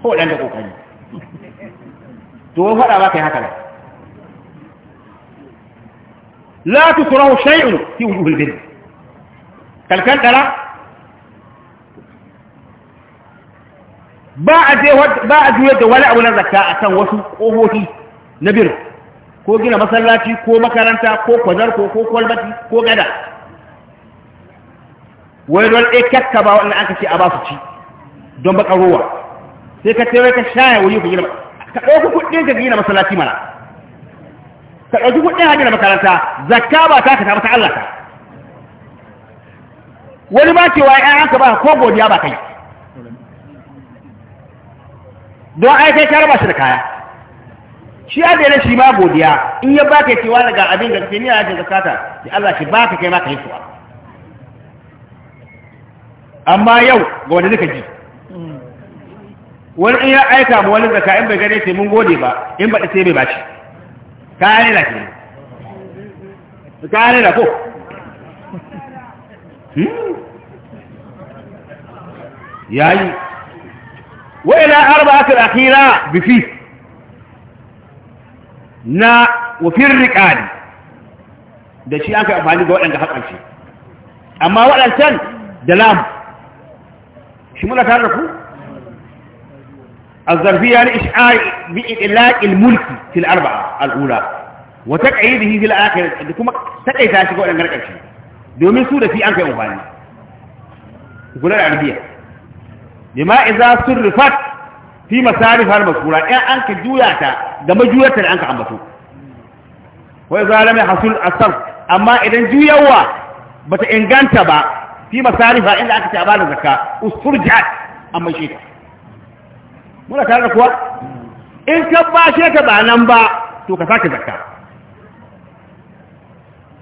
ko dan da kokari to wani faɗa ba ka yi haka nan la tukrahu shay'un fi wujuhil birr kalkan dara ba a je ba a juyar da wani abu na zakka akan wasu kohohi na bir ko gina masallaci ko makaranta ko kwazar ko ko kwalbati ko gada wai don ɗaya kakka ba wannan aka ce a ba su ci don baka ruwa sai ka tewa ka shaya wuri ku gina ka ɗauki kuɗin ka gina masallaci mana ka ɗauki kuɗin hajji na makaranta zakka ba ta ka ta ta Allah ta wani ba cewa ƴaƴan ka ba ko godiya ba kai don ai kai ka raba shi da kaya shi ya daina shi ma godiya in ya baka cewa daga abin da kake niyya da sata, da Allah shi baka kai ma ka yi su'a amma yau ga wanda nika ji wani in ya aika mu wani zaka in bai gane sai mun gode ba in baɗi sai bai baci ka ne da ke ka ne da ko hmm? yayi wa ila arba'ati al-akhira bi bifi na wa fi da shi an kai amfani ga waɗanda hakan amma waɗancan da lam shi muna tare da ku الظرفية لإشعار بإطلاق الملك في الأربعة الأولى وتقعيده في الآخرة كما تقعي تاشكو أن نركب شيء دومين سورة في أنك أمفاني يقول العربية لما إذا صرفت في مصارفها المذكورة إن أنك جوياتا دم جوياتا لأنك عمتو وإذا لم يحصل الصرف أما إذا جويوا بتإنغانتا با في مصارفها إلا أنك تعبان الزكاة أسترجعت أما شيئا muna tare da kuwa in ka bashe ka ba nan ba to ka sake zakka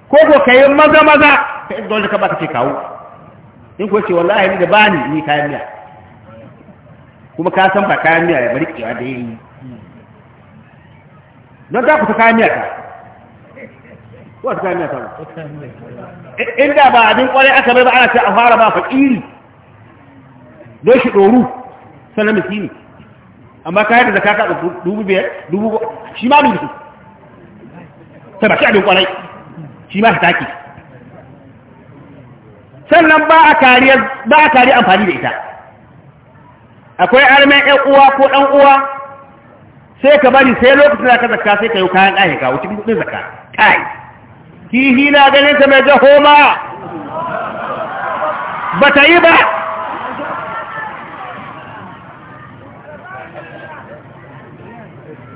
ko ko ka yi maza maza ka yi dole ka ba ka ce kawo in ko ce wallahi ni da bani ni kayan miya kuma ka san ba kayan miya ya bari kewa da yi, don za ku ta kayan miya ta kuwa ta kayan miya ta inda ba abin kwarai aka bai ba ana ce a fara ba fakiri don shi ɗoru sanar miskini amma ka yadda zaka ka dubu biyar dubu shi ma dubu ba shi abin kwarai shi ma taki sannan ba a kariya ba a amfani da ita akwai armen ƴan uwa ko ɗan uwa sai ka bari sai lokacin da ka zaka sai ka yi kayan ɗaya kawo wuce kudin zaka kai kihi na ganin ta mai jahoma ba ta yi ba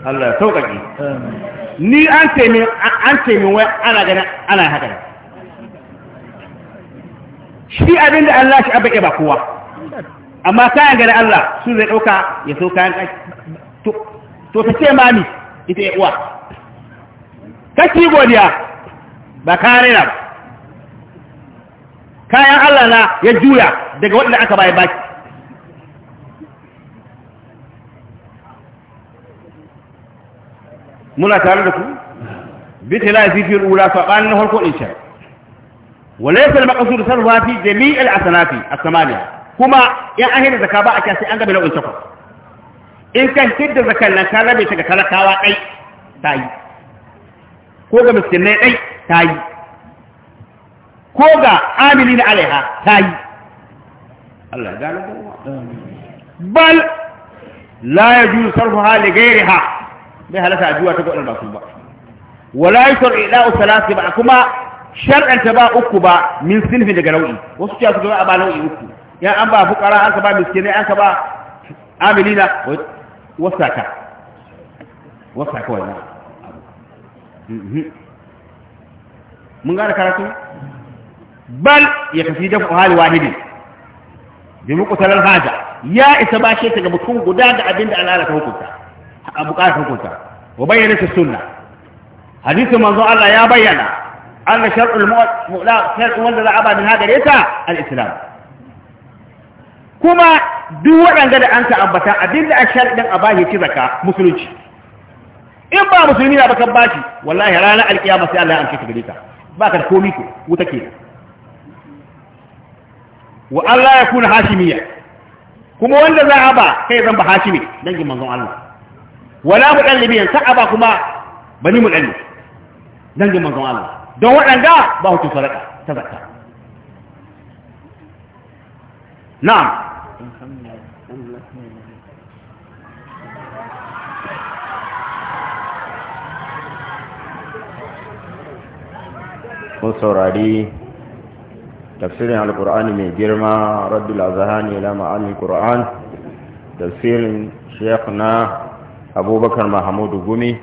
Allah sauƙaƙe ni an ce min an ce wai ana gani ana haka shi abin da Allah shi abake ba kowa amma kayan gani Allah su zai ɗauka ya so kayan ɗaki to ta ce mami ita ya uwa kashi godiya ba kayan rina ba kayan Allah na ya juya daga waɗanda aka bayan baki muna tare da ku bi khilafi fi al-ula fa qanna hol ko insha walaysa al-maqsud sarfa fi jami' al-asanati as-samaniya kuma ya ahira zakka ba a kasi an gabe la'un takwas in ka hidda zakkan nan ka rabe ta ga talakawa dai tayi ko ga miskinai dai tayi ko ga amilina alaiha tayi Allah ya gane bal la yajuz sarfaha li ghayriha bai halatta a ta gwadar ba su ba wala yi shar ida'u usalasi ba kuma shar'anta ba uku ba min sinfin daga nau'i wasu cewa su gaba a ba nau'i uku ya an ba fukara an ka ba miskinai an ka ba amilina wasaka wasaka wannan mhm. mun gane karatu bal ya tafi da hali wahidi bi muqtalal haja ya isa ba shi daga mutum guda da abinda Allah ta hukunta abu ƙara hukunta wa bayyana ta sunna hadisi manzo Allah ya bayyana an shar'ul mu'la shar'u wanda za a ba min hada resa al-islam kuma duk waɗanda da an ta'abbata ambata abinda a shar'in a bashi ci zakka musulunci in ba musulmi na baka bashi wallahi ranar alkiyama sai Allah ya amshe ka gare ka baka ka da komi ko wuta ke wa Allah ya kuna hashimiyya kuma wanda za a ba kai zan ba hashimi dangin manzon Allah wala mu dan libiyan sa'aba kuma bani mu dan dangin manzon Allah don waɗanda ba hukuncin sadaka ta zakka na'am kun saurari tafsirin alkur'ani mai girma raddul azhani ila ma'anin qur'an tafsirin sheikh na abubakar mahamudu gumi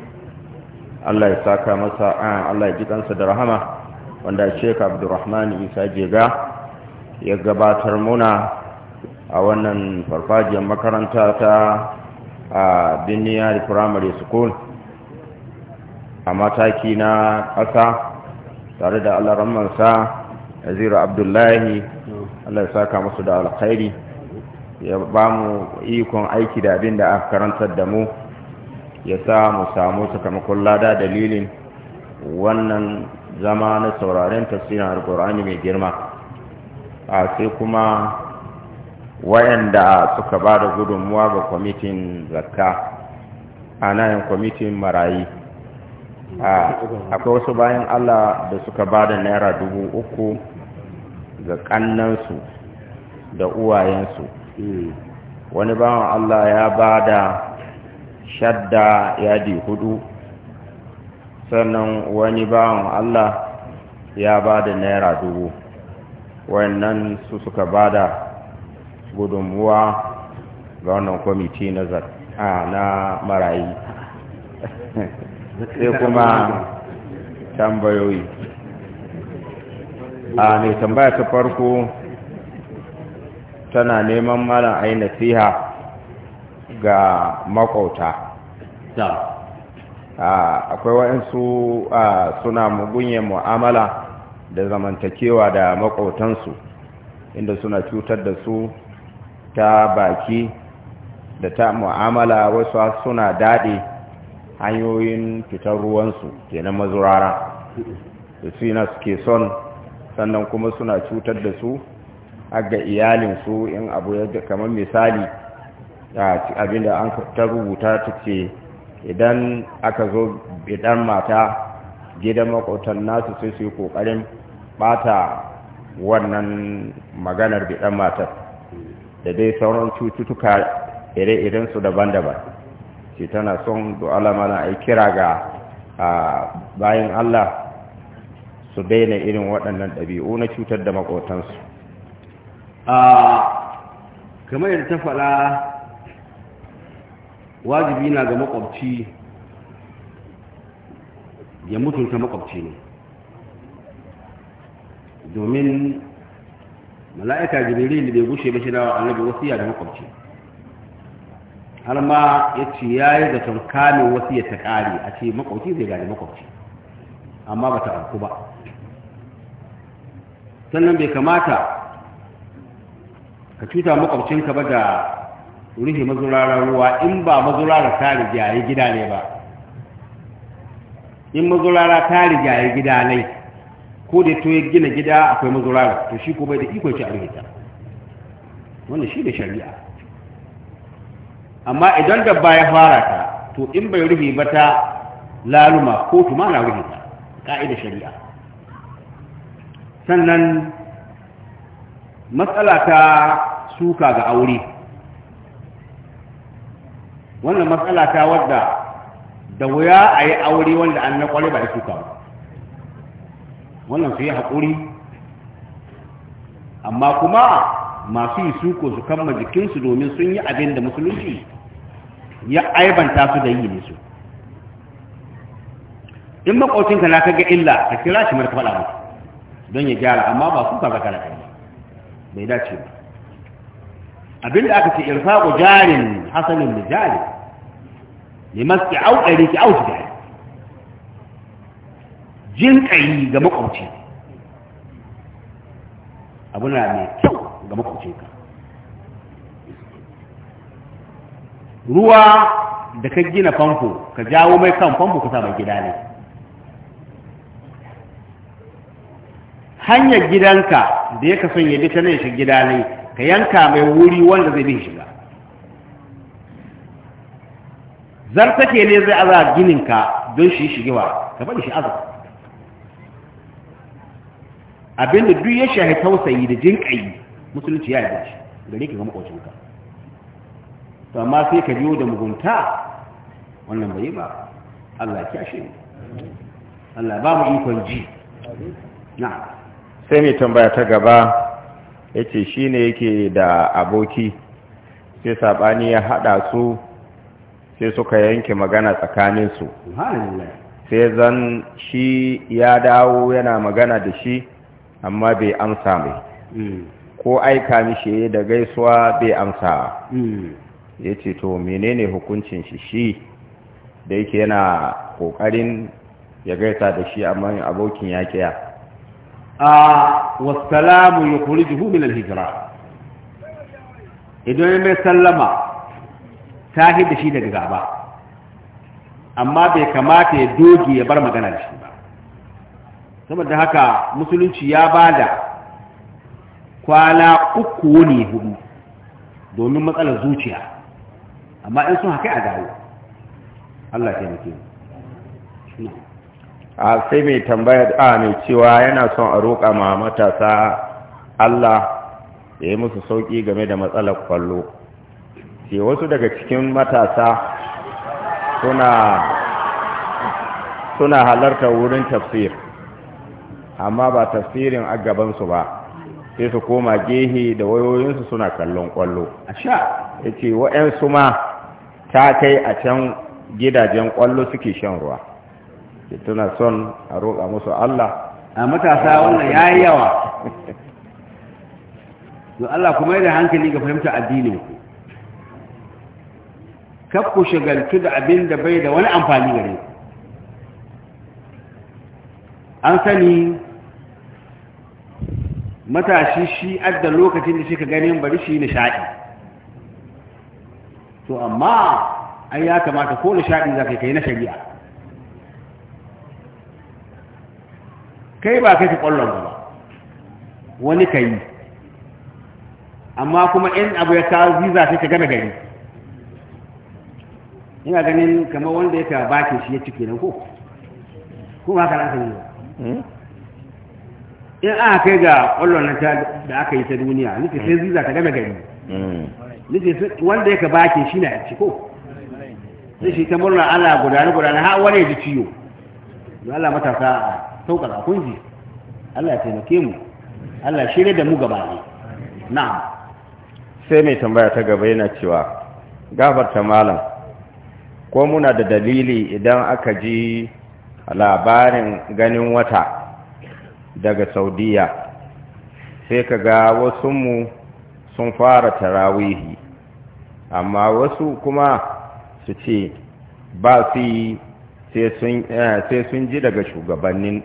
allah ya saka masa a ah, allah ya ji ɗansa da rahama wanda sheik abdurrahman isa jega ya gabatar muna a wannan farfajiyar makaranta ta a biniyar primary school a mataki na ƙasa tare da allah ramansa naziru abdullahi allah ya saka masu da alkhairi ya ba mu ikon aiki da abin da aka karantar da mu ya sa mu samu sakamakon lada dalilin wannan zama na sauraren tafsirin alkur'ani mai girma a sai kuma wayanda suka ba da gudunmuwa ga kwamitin zakka a nan kwamitin marayi akwai wasu bayan allah da suka ba da naira dubu uku ga kannansu da uwayensu hmm. wani bawan allah ya ba da shadda yadi hudu sannan wani bawan Allah ya ba da naira dubu wannan su suka ba da gudunmuwa ga wannan kwamiti na marayi sai kuma tambayoyi a mai tambaya ta farko tana neman malam ainihin nasiha ga makauta akwai waɗansu suna mugunyen mu'amala da zamantakewa da makautansu inda suna cutar da su ta baki da ta mu'amala wasu suna daɗe hanyoyin fitar ruwansu kenan mazurara da su suke son sannan kuma suna cutar da su ga iyalinsu in abu ya kamar misali da an ta rubuta ta ce idan aka zo bidan mata gidan makotan nasu sai su yi kokarin bata wannan maganar bidan matar da dai sauran cututtuka ire idan su daban-daban ce tana son du'ala mana a kira ga bayan Allah su daina irin waɗannan ɗabi'u na cutar da makotansu kamar yadda ta faɗa wajibi na ga makwabci ya mutunta makwabci ne domin mala'ika da bai gushe ba shi na annabi wasiya da makwabci har ma ya ce ya yi zaton wasu wasiya ta kare a ce makwabci zai gane makwabci amma ba ta auku ba sannan bai kamata ka cuta makwabcinka ba da rufe mazurarar ruwa in ba mazurarar ta ya gida ne ba in mazurara ta ya gida ne ko da to ya gina gida akwai mazurara to shi ko bai da ikon shi a rufe ta wannan shi da shari'a amma idan da baya fara ta to in bai rufe ba ta laluma ko tuma na rufe ta ka'idar shari'a sannan matsala ta suka ga aure wannan matsala ta wadda da wuya a yi aure wanda an na kwale ba da shuka wannan su yi haƙuri amma kuma masu yi suko su kama jikinsu domin sun yi abin da musulunci ya aibanta su da yi ne su in makwaucinka na kaga illa ka kira shi marka faɗa musu don ya gyara amma ba su ba kara kai bai dace ba abinda aka ce irfaƙo jarin hasalin da jarin limaski au ɗari auki au jidari jin ƙayi ga makwauci abu na mai kyau ga ka. ruwa da ka gina famfo ka jawo mai kan famfo ka mai gida ne hanyar gidanka da ya kasan ya bi ta nan shi gida ne ka yanka mai wuri wanda zai bi shiga zartake ne zai aza gininka don shi shigewa ka bari shi aza abinda duk ya shahi tausayi da jinƙayi musulunci ya yi shi gare ka ga makwacinka to amma sai ka biyo da mugunta wannan bai ba Allah ya kyashe ne Allah ba mu ikon ji na sai mai tambaya ta gaba yace shine yake da aboki sai sabani ya hada su sai suka yanke magana tsakaninsu sai zan shi ya dawo yana magana da shi amma bai amsa mai mm. ko aika mishi da gaisuwa bai amsa mm. ya ce to menene hukuncin shi shi da yake yana kokarin ya gaisa da shi amma abokin ya kiya a wasu salamun ya kuri juhu min hijira. idan ya mai sallama ta da shi daga gaba amma bai kamata ya doge ya bar magana da shi ba saboda haka musulunci ya ba da kwana uku ne hudu domin matsalar zuciya amma in sun haka a dawo Allah ya yi a sai mai tambaya a mai cewa yana son a roƙa ma matasa Allah ya yi musu sauƙi game da matsalar kwallo ke wasu daga cikin matasa suna halarta wurin tafsir amma ba tafsirin a gabansu ba sai su koma gehe da wayoyinsu suna kallon kwallo a sha ya ce wa'yansu ma ta kai a can gidajen kwallo suke shan ruwa ke tuna son a roƙa musu Allah a matasa wannan ya yi yawa Allah kuma yi da hankali ga fahimta addinin ku kar ku shigaltu da abin da bai da wani amfani gare an sani matashi shi adda lokacin da shi ka ganin bari shi nishaɗi to amma an ya kamata ko nishaɗi za ka yi na shari'a kai ba kai ka ƙwallon ba wani ka yi amma kuma in abu ya kawo visa sai ka gana gari ina ganin kamar wanda ya ka bakin shi ya cike nan ko kuma haka aka yi hmm? in aka kai ga ƙwallon nan da aka yi ta duniya nake sai ziza ta game gari hmm. nake wanda ya ka bakin shi na ya ci ko sai shi ta murna ala gudanar gudanar har wani ya ji ciwo don Allah matasa a a kunji Allah ya taimake mu Allah shirya da mu gaba ne na'am sai mai tambaya ta gaba yana cewa gafarta malam ko muna da dalili idan aka ji labarin ganin wata daga saudiya sai ka ga wasunmu sun fara tarawihi amma wasu kuma su ce ba su yi sai sun eh, ji daga shugabannin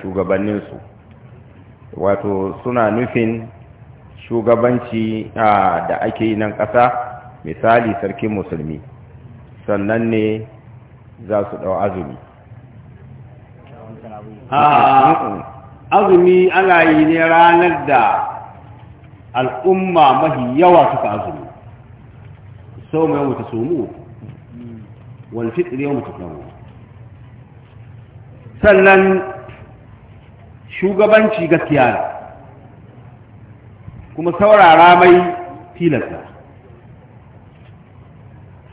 shugabanninsu wato suna nufin shugabanci ah, da ake yi nan ƙasa misali sarkin musulmi sannan ne za su ɗau azumi azumi ana yi ne ranar da al'umma mahi yawa suka azumi sau mai wata sumu wani fitri yau mutu sumu. sannan shugabanci gaskiya kuma saurara mai tilasta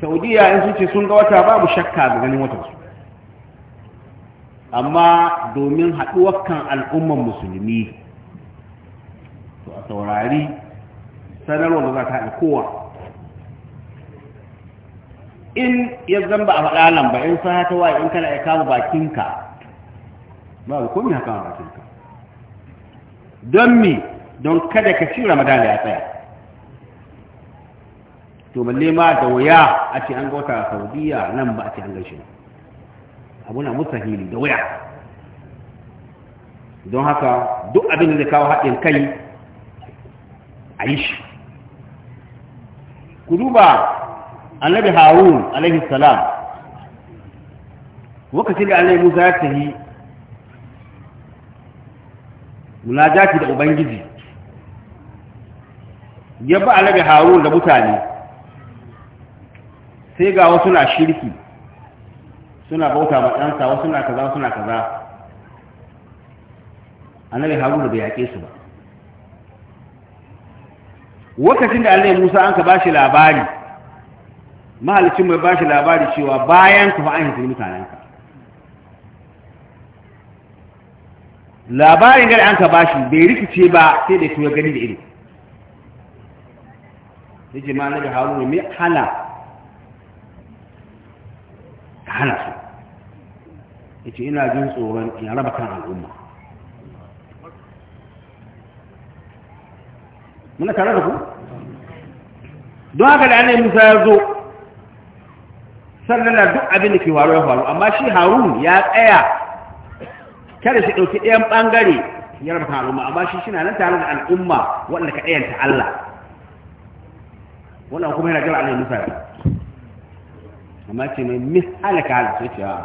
saudiya in sun ce sun ga wata babu shakka ga ganin watansu amma domin haɗuwar kan al'umman musulmi to a saurari sanarwar da za ta haɗa kowa in ya zamba a faɗa lamba, ba in sa ta waye in kana ya kama bakinka Ba babu komi haka bakinka don me don kada ka ci ramadana ya tsaya to balle ma da waya a ce an gauta a saudiya nan ba a ce an gaishe abu na mustahili da waya don haka duk abin da zai kawo haɗin kai a yi shi ku duba annabi harun alaihi salam lokacin da annabi musa ya tafi munajati da ubangiji ya ba annabi harun da mutane sai ga wasu na shirki suna bauta ba ɗansa wasu na kaza wasu na kaza annabi haruna bai yaƙe su ba lokacin da annabi musa an ka ba shi labari mahalicin mai ba shi labari cewa bayan ka fa'ayin su mutanen ka labarin gari an ka ba shi bai rikice ba sai da ya gani da iri ya ce ma annabi haruna mai hana ta hana su yace ina jin tsoron in raba kan al'umma muna tare da ku don haka da yi Musa ya zo sannan na duk abin da ke waro ya faru amma shi Harun ya tsaya kada shi dauki ɗayan bangare ya raba kan al'umma amma shi shi na nan tare da al'umma wanda ka ɗayanta Allah wannan kuma yana jira yi Musa amma ce mai misalaka halin sai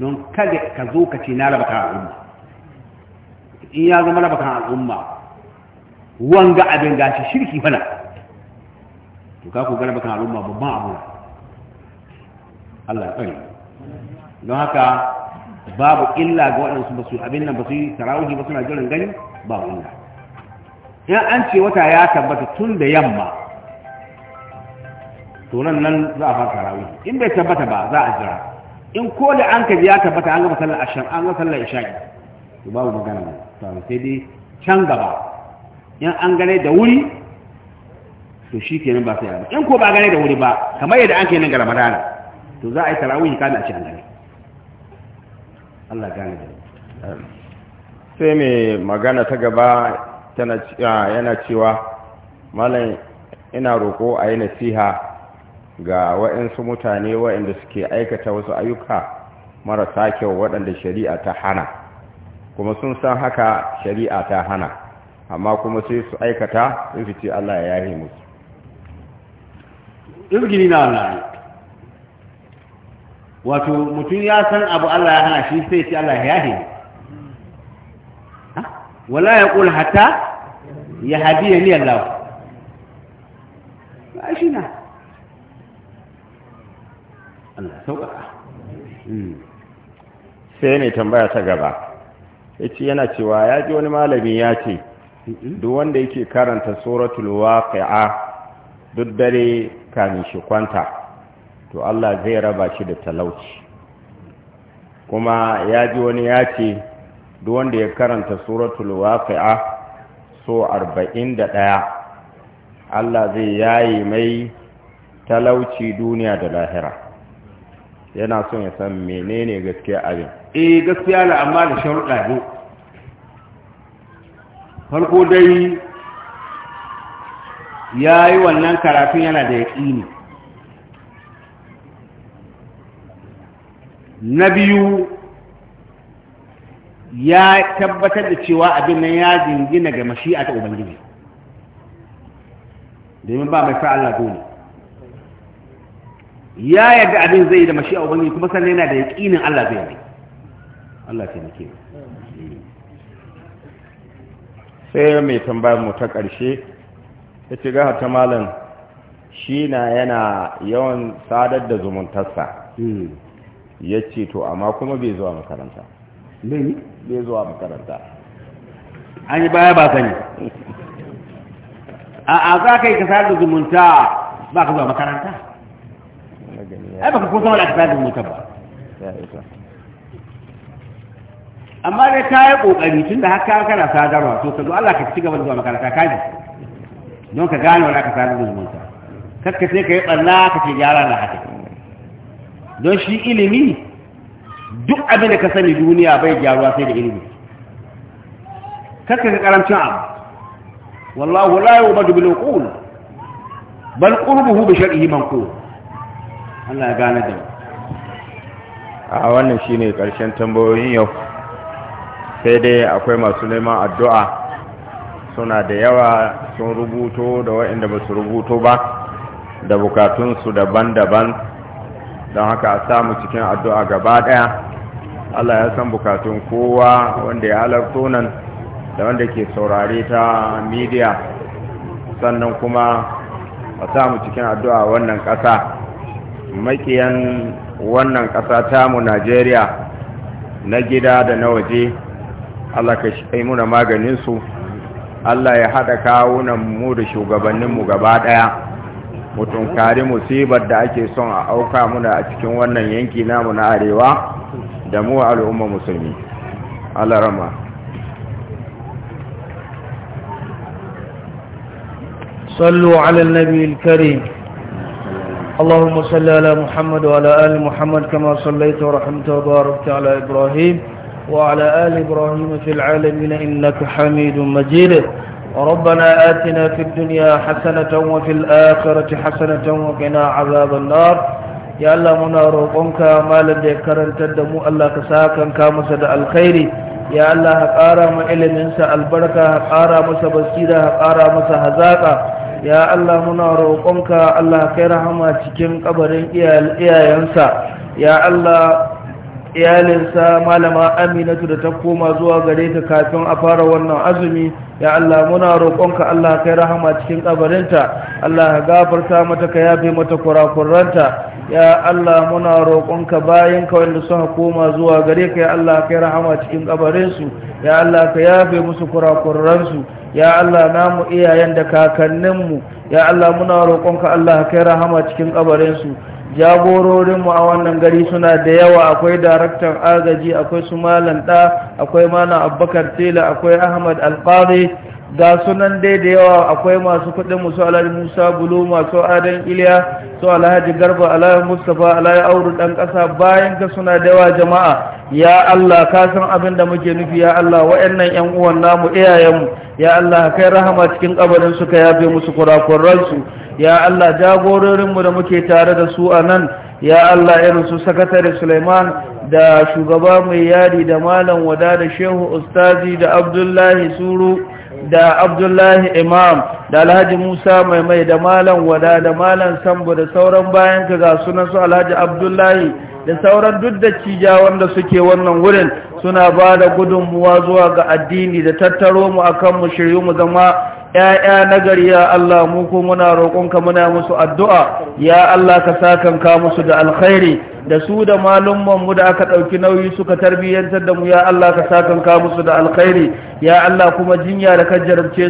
don kada ka zo ka ce na raba kan al'umma in ya zama raba kan al'umma wanga abin gashi shirki fana to ka ku ga raba kan al'umma babban abu Allah ya tsare don haka babu illa ga waɗansu ba su abin nan ba su yi tarawihi ba suna jiran gani babu illa in an ce wata ya tabbata tun da yamma to nan nan za a fara tarawih in bai tabbata ba za a jira in ko da an ka biya tabbata an ga sallar ashan an ga sallar isha'i to babu magana ba to sai dai can gaba in an gane da wuri to shi kenan ba sai ba in ko ba gane da wuri ba kamar yadda an ke nan ga ramadan to za a yi tarawih kana a ci an gane Allah gane da sai mai magana ta gaba ah, yana cewa malam ina roko a yi nasiha ga waɗansu mutane waɗanda suke aikata wasu ayyuka marasa kyau waɗanda shari'a ta hana kuma sun san haka shari'a ta hana amma kuma sai su aikata in su Allah ya yahe musu izgini na Allah wato mutum ya san abu Allah ya hana shi sai ce Allah ya yahe wala ya ƙul hatta ya hadiya ni Allah ba shi na Hmm. sai ne tambaya ta gaba ya ce yana cewa ya ji wani malami ya ce duk wanda yake karanta tsoratul waqi'a duk dare kamin shi kwanta to Allah zai raba shi da talauci kuma ya ji wani ya ce duk wanda ya karanta tsoratul waqi'a so arba'in da 41 Allah zai yayi mai talauci duniya da lahira yana son ya san menene gaskiya abin eh gaskiya la amma da sharuɗa ne farko dai ya yi wannan karatun yana da ne. na biyu ya tabbatar da cewa abin nan ya jingina ga mashi'a ta ubangiji domin ba mai fa'alla dole ya yadda abin zai da a wani, kuma sannan yana da yaƙinin Allah zai yi. Allah ce nake sai mai tambayar mu ta ƙarshe ya ce gaha ta malam shi na yana yawan sadar da zumuntarsa hmm. ya ce to amma kuma bai zuwa makaranta bai zuwa makaranta an yi baya ba sani a za ka yi ka sadar da zumunta ba ka zuwa makaranta ai baka kusa wani atibadin mutum ba amma dai ka yi ƙoƙari tun da haka kana sadarwa to ka zo Allah ka ci gaba da zuwa makaranta ka ji don ka gane wani aka sadar da zumunta kakka sai ka yi ɓarna ka ce gyara na haka don shi ilimi duk abin da ka sani duniya bai gyaruwa sai da ilimi kakka ka karamcin abu wallahu la yubadu bil uqul bal qurbuhu bi shar'ihi manqul Allah ya gane da a wannan shine karshen tambayoyin yau sai dai akwai masu neman addu'a suna da yawa sun rubuto da waɗanda ba su rubuto ba da bukatunsu daban-daban don haka a samu cikin addu'a gaba ɗaya Allah ya san bukatun kowa wanda ya halarto nan da wanda ke saurare ta midiya sannan kuma a samu cikin addu'a wannan ƙasa makiyan wannan ƙasa tamu najeriya na gida da na waje allah ka shi muna maganinsu allah ya haɗa kawunan mu da shugabanninmu gaba ɗaya mutum kari musibar da ake son a auka muna a cikin wannan yanki namu na arewa da mu al'umma musulmi allah rama صلوا على النبي الكريم اللهم صل على محمد وعلى آل محمد كما صليت ورحمت وباركت على إبراهيم وعلى آل إبراهيم في العالمين إنك حميد مجيد ربنا آتنا في الدنيا حسنة وفي الآخرة حسنة وقنا عذاب النار ya Allah muna roƙonka malam da ya karantar da mu Allah ka sakanka masa da alkhairi ya Allah ka ƙara mu iliminsa albarka ka ƙara masa basira ka ƙara masa hazaƙa ya Allah muna roƙonka Allah kai rahama cikin kabarin iyayensa ya Allah iyalinsa malama aminatu da ta koma zuwa gare ta kafin a fara wannan azumi ya Allah muna roƙonka Allah kai rahama cikin kabarinta Allah gafarta mata ka yafe mata kurakuranta ya Allah muna roƙonka bayan ka wanda suka koma zuwa gare ka ya Allah kai rahama cikin kabarinsu ya Allah ka yafe musu kurakuransu ya Allah namu iyayen da kakanninmu ya Allah muna roƙonka Allah kai rahama cikin kabarinsu jagororinmu a wannan gari suna da yawa akwai daraktan agaji akwai su malam da akwai mana abbakar tela akwai ahmad alqadi ga sunan dai da yawa akwai masu kudin musu alhaji musa bulu masu adan iliya su alhaji garba alhaji mustapha alhaji auru dan kasa bayan ka suna da yawa jama'a ya allah ka san abin da muke nufi ya allah wa'annan yan uwan namu iyayenmu ya allah kai rahama cikin kabarin su ka yafe musu kurakuransu ya Allah jagororinmu da muke tare da su a nan ya Allah irin su sakatare Sulaiman da shugaba mai yadi da malam wada da shehu ustazi da abdullahi suru da abdullahi imam da alhaji musa mai mai da malam wada da malam sambo da sauran bayan ka ga sunan su alhaji abdullahi da sauran duk da cija wanda suke wannan wurin suna ba da gudunmuwa zuwa ga addini da tattaro mu akan mu shiryu mu zama ‘ya'ya na gari ya Allah mu ko muna roƙonka muna musu addu'a, ya Allah ka sakan ka musu da alkhairi, da su da mu da aka ɗauki nauyi suka tarbiyyantar da mu ya Allah ka sakanka musu da alkhairi ya Allah kuma jinya da ka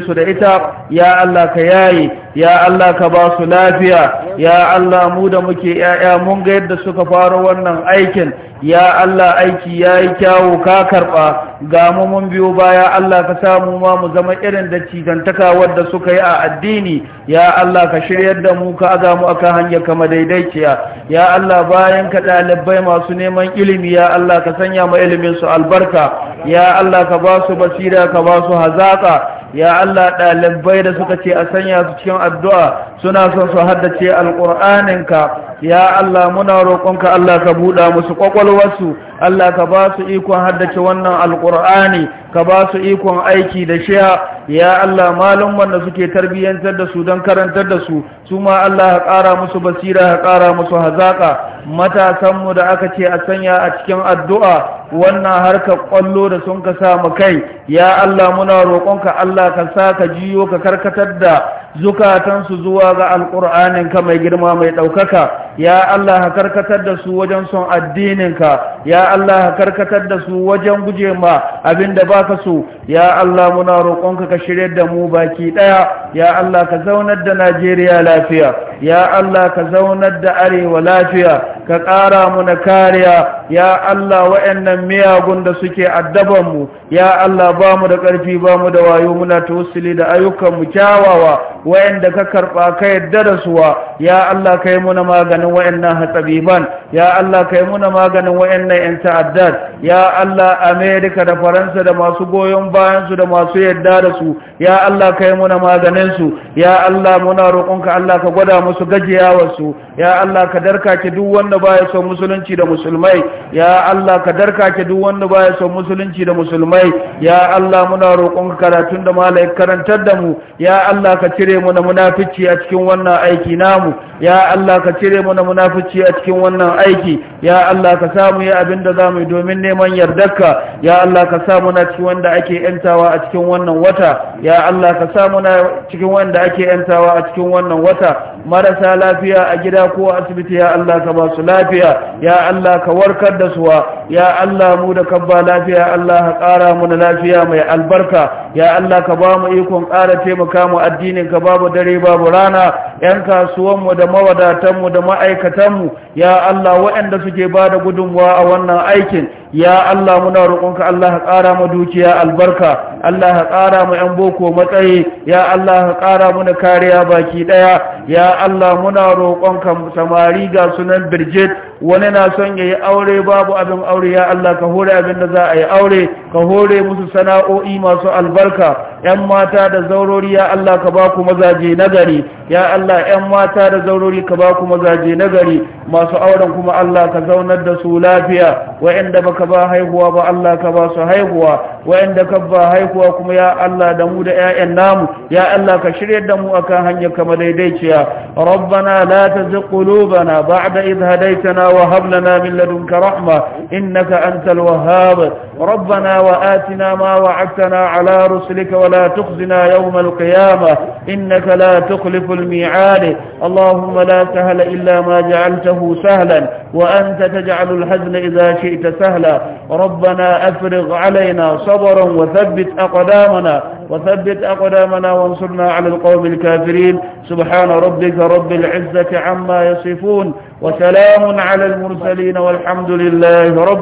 su da ita ya Allah ka yaye ya Allah ka ba su lafiya ya Allah mu da muke ƴaƴa mun ga yadda suka fara wannan aikin ya Allah aiki yayi kyawu ka karba ga mu mun biyo baya Allah ka samu ma mu zama irin da cigantaka wadda suka yi a addini ya Allah ka shiryar da mu ka aga mu akan hanya kama daidaiciya ya Allah bayan ka ɗalibai masu neman ilimi ya Allah ka sanya ma ilimin su albarka ya Allah ka ba su basira ka ba su hazaka ya Allah ɗalibai da suka ce a sanya su cikin addu'a suna son su haddace alƙur'aninka ya Allah muna roƙonka Allah ka buɗa musu ƙwaƙwalwarsu Allah ka ba su ikon haddace wannan alkur'ani ka ba su ikon aiki da shiya ya Allah malum wanda suke tarbiyyantar da su don karantar da su su ma Allah ya ƙara musu basira ya ƙara musu hazaƙa matasanmu da aka ce a sanya a cikin addu'a wannan harkar ƙwallo da sun ka samu kai ya Allah muna roƙonka Allah ka sa ka jiyo ka karkatar da zukatansu zuwa ga alƙur'aninka mai girma mai ɗaukaka ya Allah ka karkatar da su wajen son addininka ya ya Allah karkatar da su wajen guje ma da baka so ya Allah muna roƙonka ka shiryar da mu baki daya ya Allah ka zaunar da Najeriya lafiya ya Allah ka zaunar da arewa lafiya ka ƙara mu na kariya ya Allah wa'annan miyagun da suke addabanmu ya Allah ba mu da ƙarfi ba mu da wayo muna tawassuli da ayyukanmu kyawawa wa'anda ka karɓa ka yadda da suwa ya Allah ka yi muna maganin wa'annan hatsabiban ya Allah ka yi muna maganin wa'annan 'yan ta'addad ya Allah Amerika da Faransa da masu goyon bayansu da masu yadda da su ya Allah ka yi muna maganinsu ya Allah muna roƙonka Allah ka gwada musu gajiyawarsu ya Allah ka darkake duk wanda wanda baya son musulunci da musulmai ya Allah ka darkake duk wanda baya son musulunci da musulmai ya Allah muna roƙon ka karatun da malai karantar da mu ya Allah ka cire mu na munafici a cikin wannan aiki namu ya Allah ka cire mu na munafici a cikin wannan aiki ya Allah ka samu ya abin da zamu yi domin neman yardarka ya Allah ka samu na cikin wanda ake yantawa a cikin wannan wata ya Allah ka samu na cikin wanda ake yantawa a cikin wannan wata marasa lafiya a gida ko asibiti ya Allah ka ba su lafiya ya Allah ka warkar da suwa ya Allah mu da kabba lafiya Allah ka ƙara mu da lafiya mai albarka ya Allah ka ba mu ikon ƙara taimaka mu addinin ka babu dare babu rana yan kasuwan mu da mawadatan mu da ma'aikatan mu ya Allah waɗanda suke ba da gudunmuwa a wannan aikin ya Allah muna roƙonka Allah ka ƙara mu dukiya albarka Allah ka ƙara mu yan boko matsayi ya Allah ka ƙara mu kariya baki ɗaya ya Allah muna roƙonka samari ga sunan birgi مسجد wani na son ya yi aure babu abin aure ya Allah ka hore abin da za a yi aure ka hore musu sana'o'i masu albarka yan mata da zaurori ya Allah ka ba ku mazaje nagari ya Allah yan mata da zaurori ka ba ku mazaje nagari masu auren kuma Allah ka zaunar da su lafiya wa'anda baka ba haihuwa ba Allah ka ba su haihuwa wa'anda ka ba haihuwa kuma ya Allah da mu da 'ya'yan namu ya Allah ka shirya da mu akan hanyar kama daidaiciya rabbana la tazigh qulubana ba'da idh hadaytana ربنا وهب لنا من لدنك رحمة إنك أنت الوهاب ربنا وآتنا ما وعدتنا على رسلك ولا تخزنا يوم القيامة إنك لا تخلف الميعاد اللهم لا سهل إلا ما جعلته سهلا وأنت تجعل الحزن إذا شئت سهلا ربنا أفرغ علينا صبرا وثبت أقدامنا وثبت أقدامنا وانصرنا على القوم الكافرين سبحان ربك رب العزة عما يصفون وسلام على المرسلين والحمد لله رب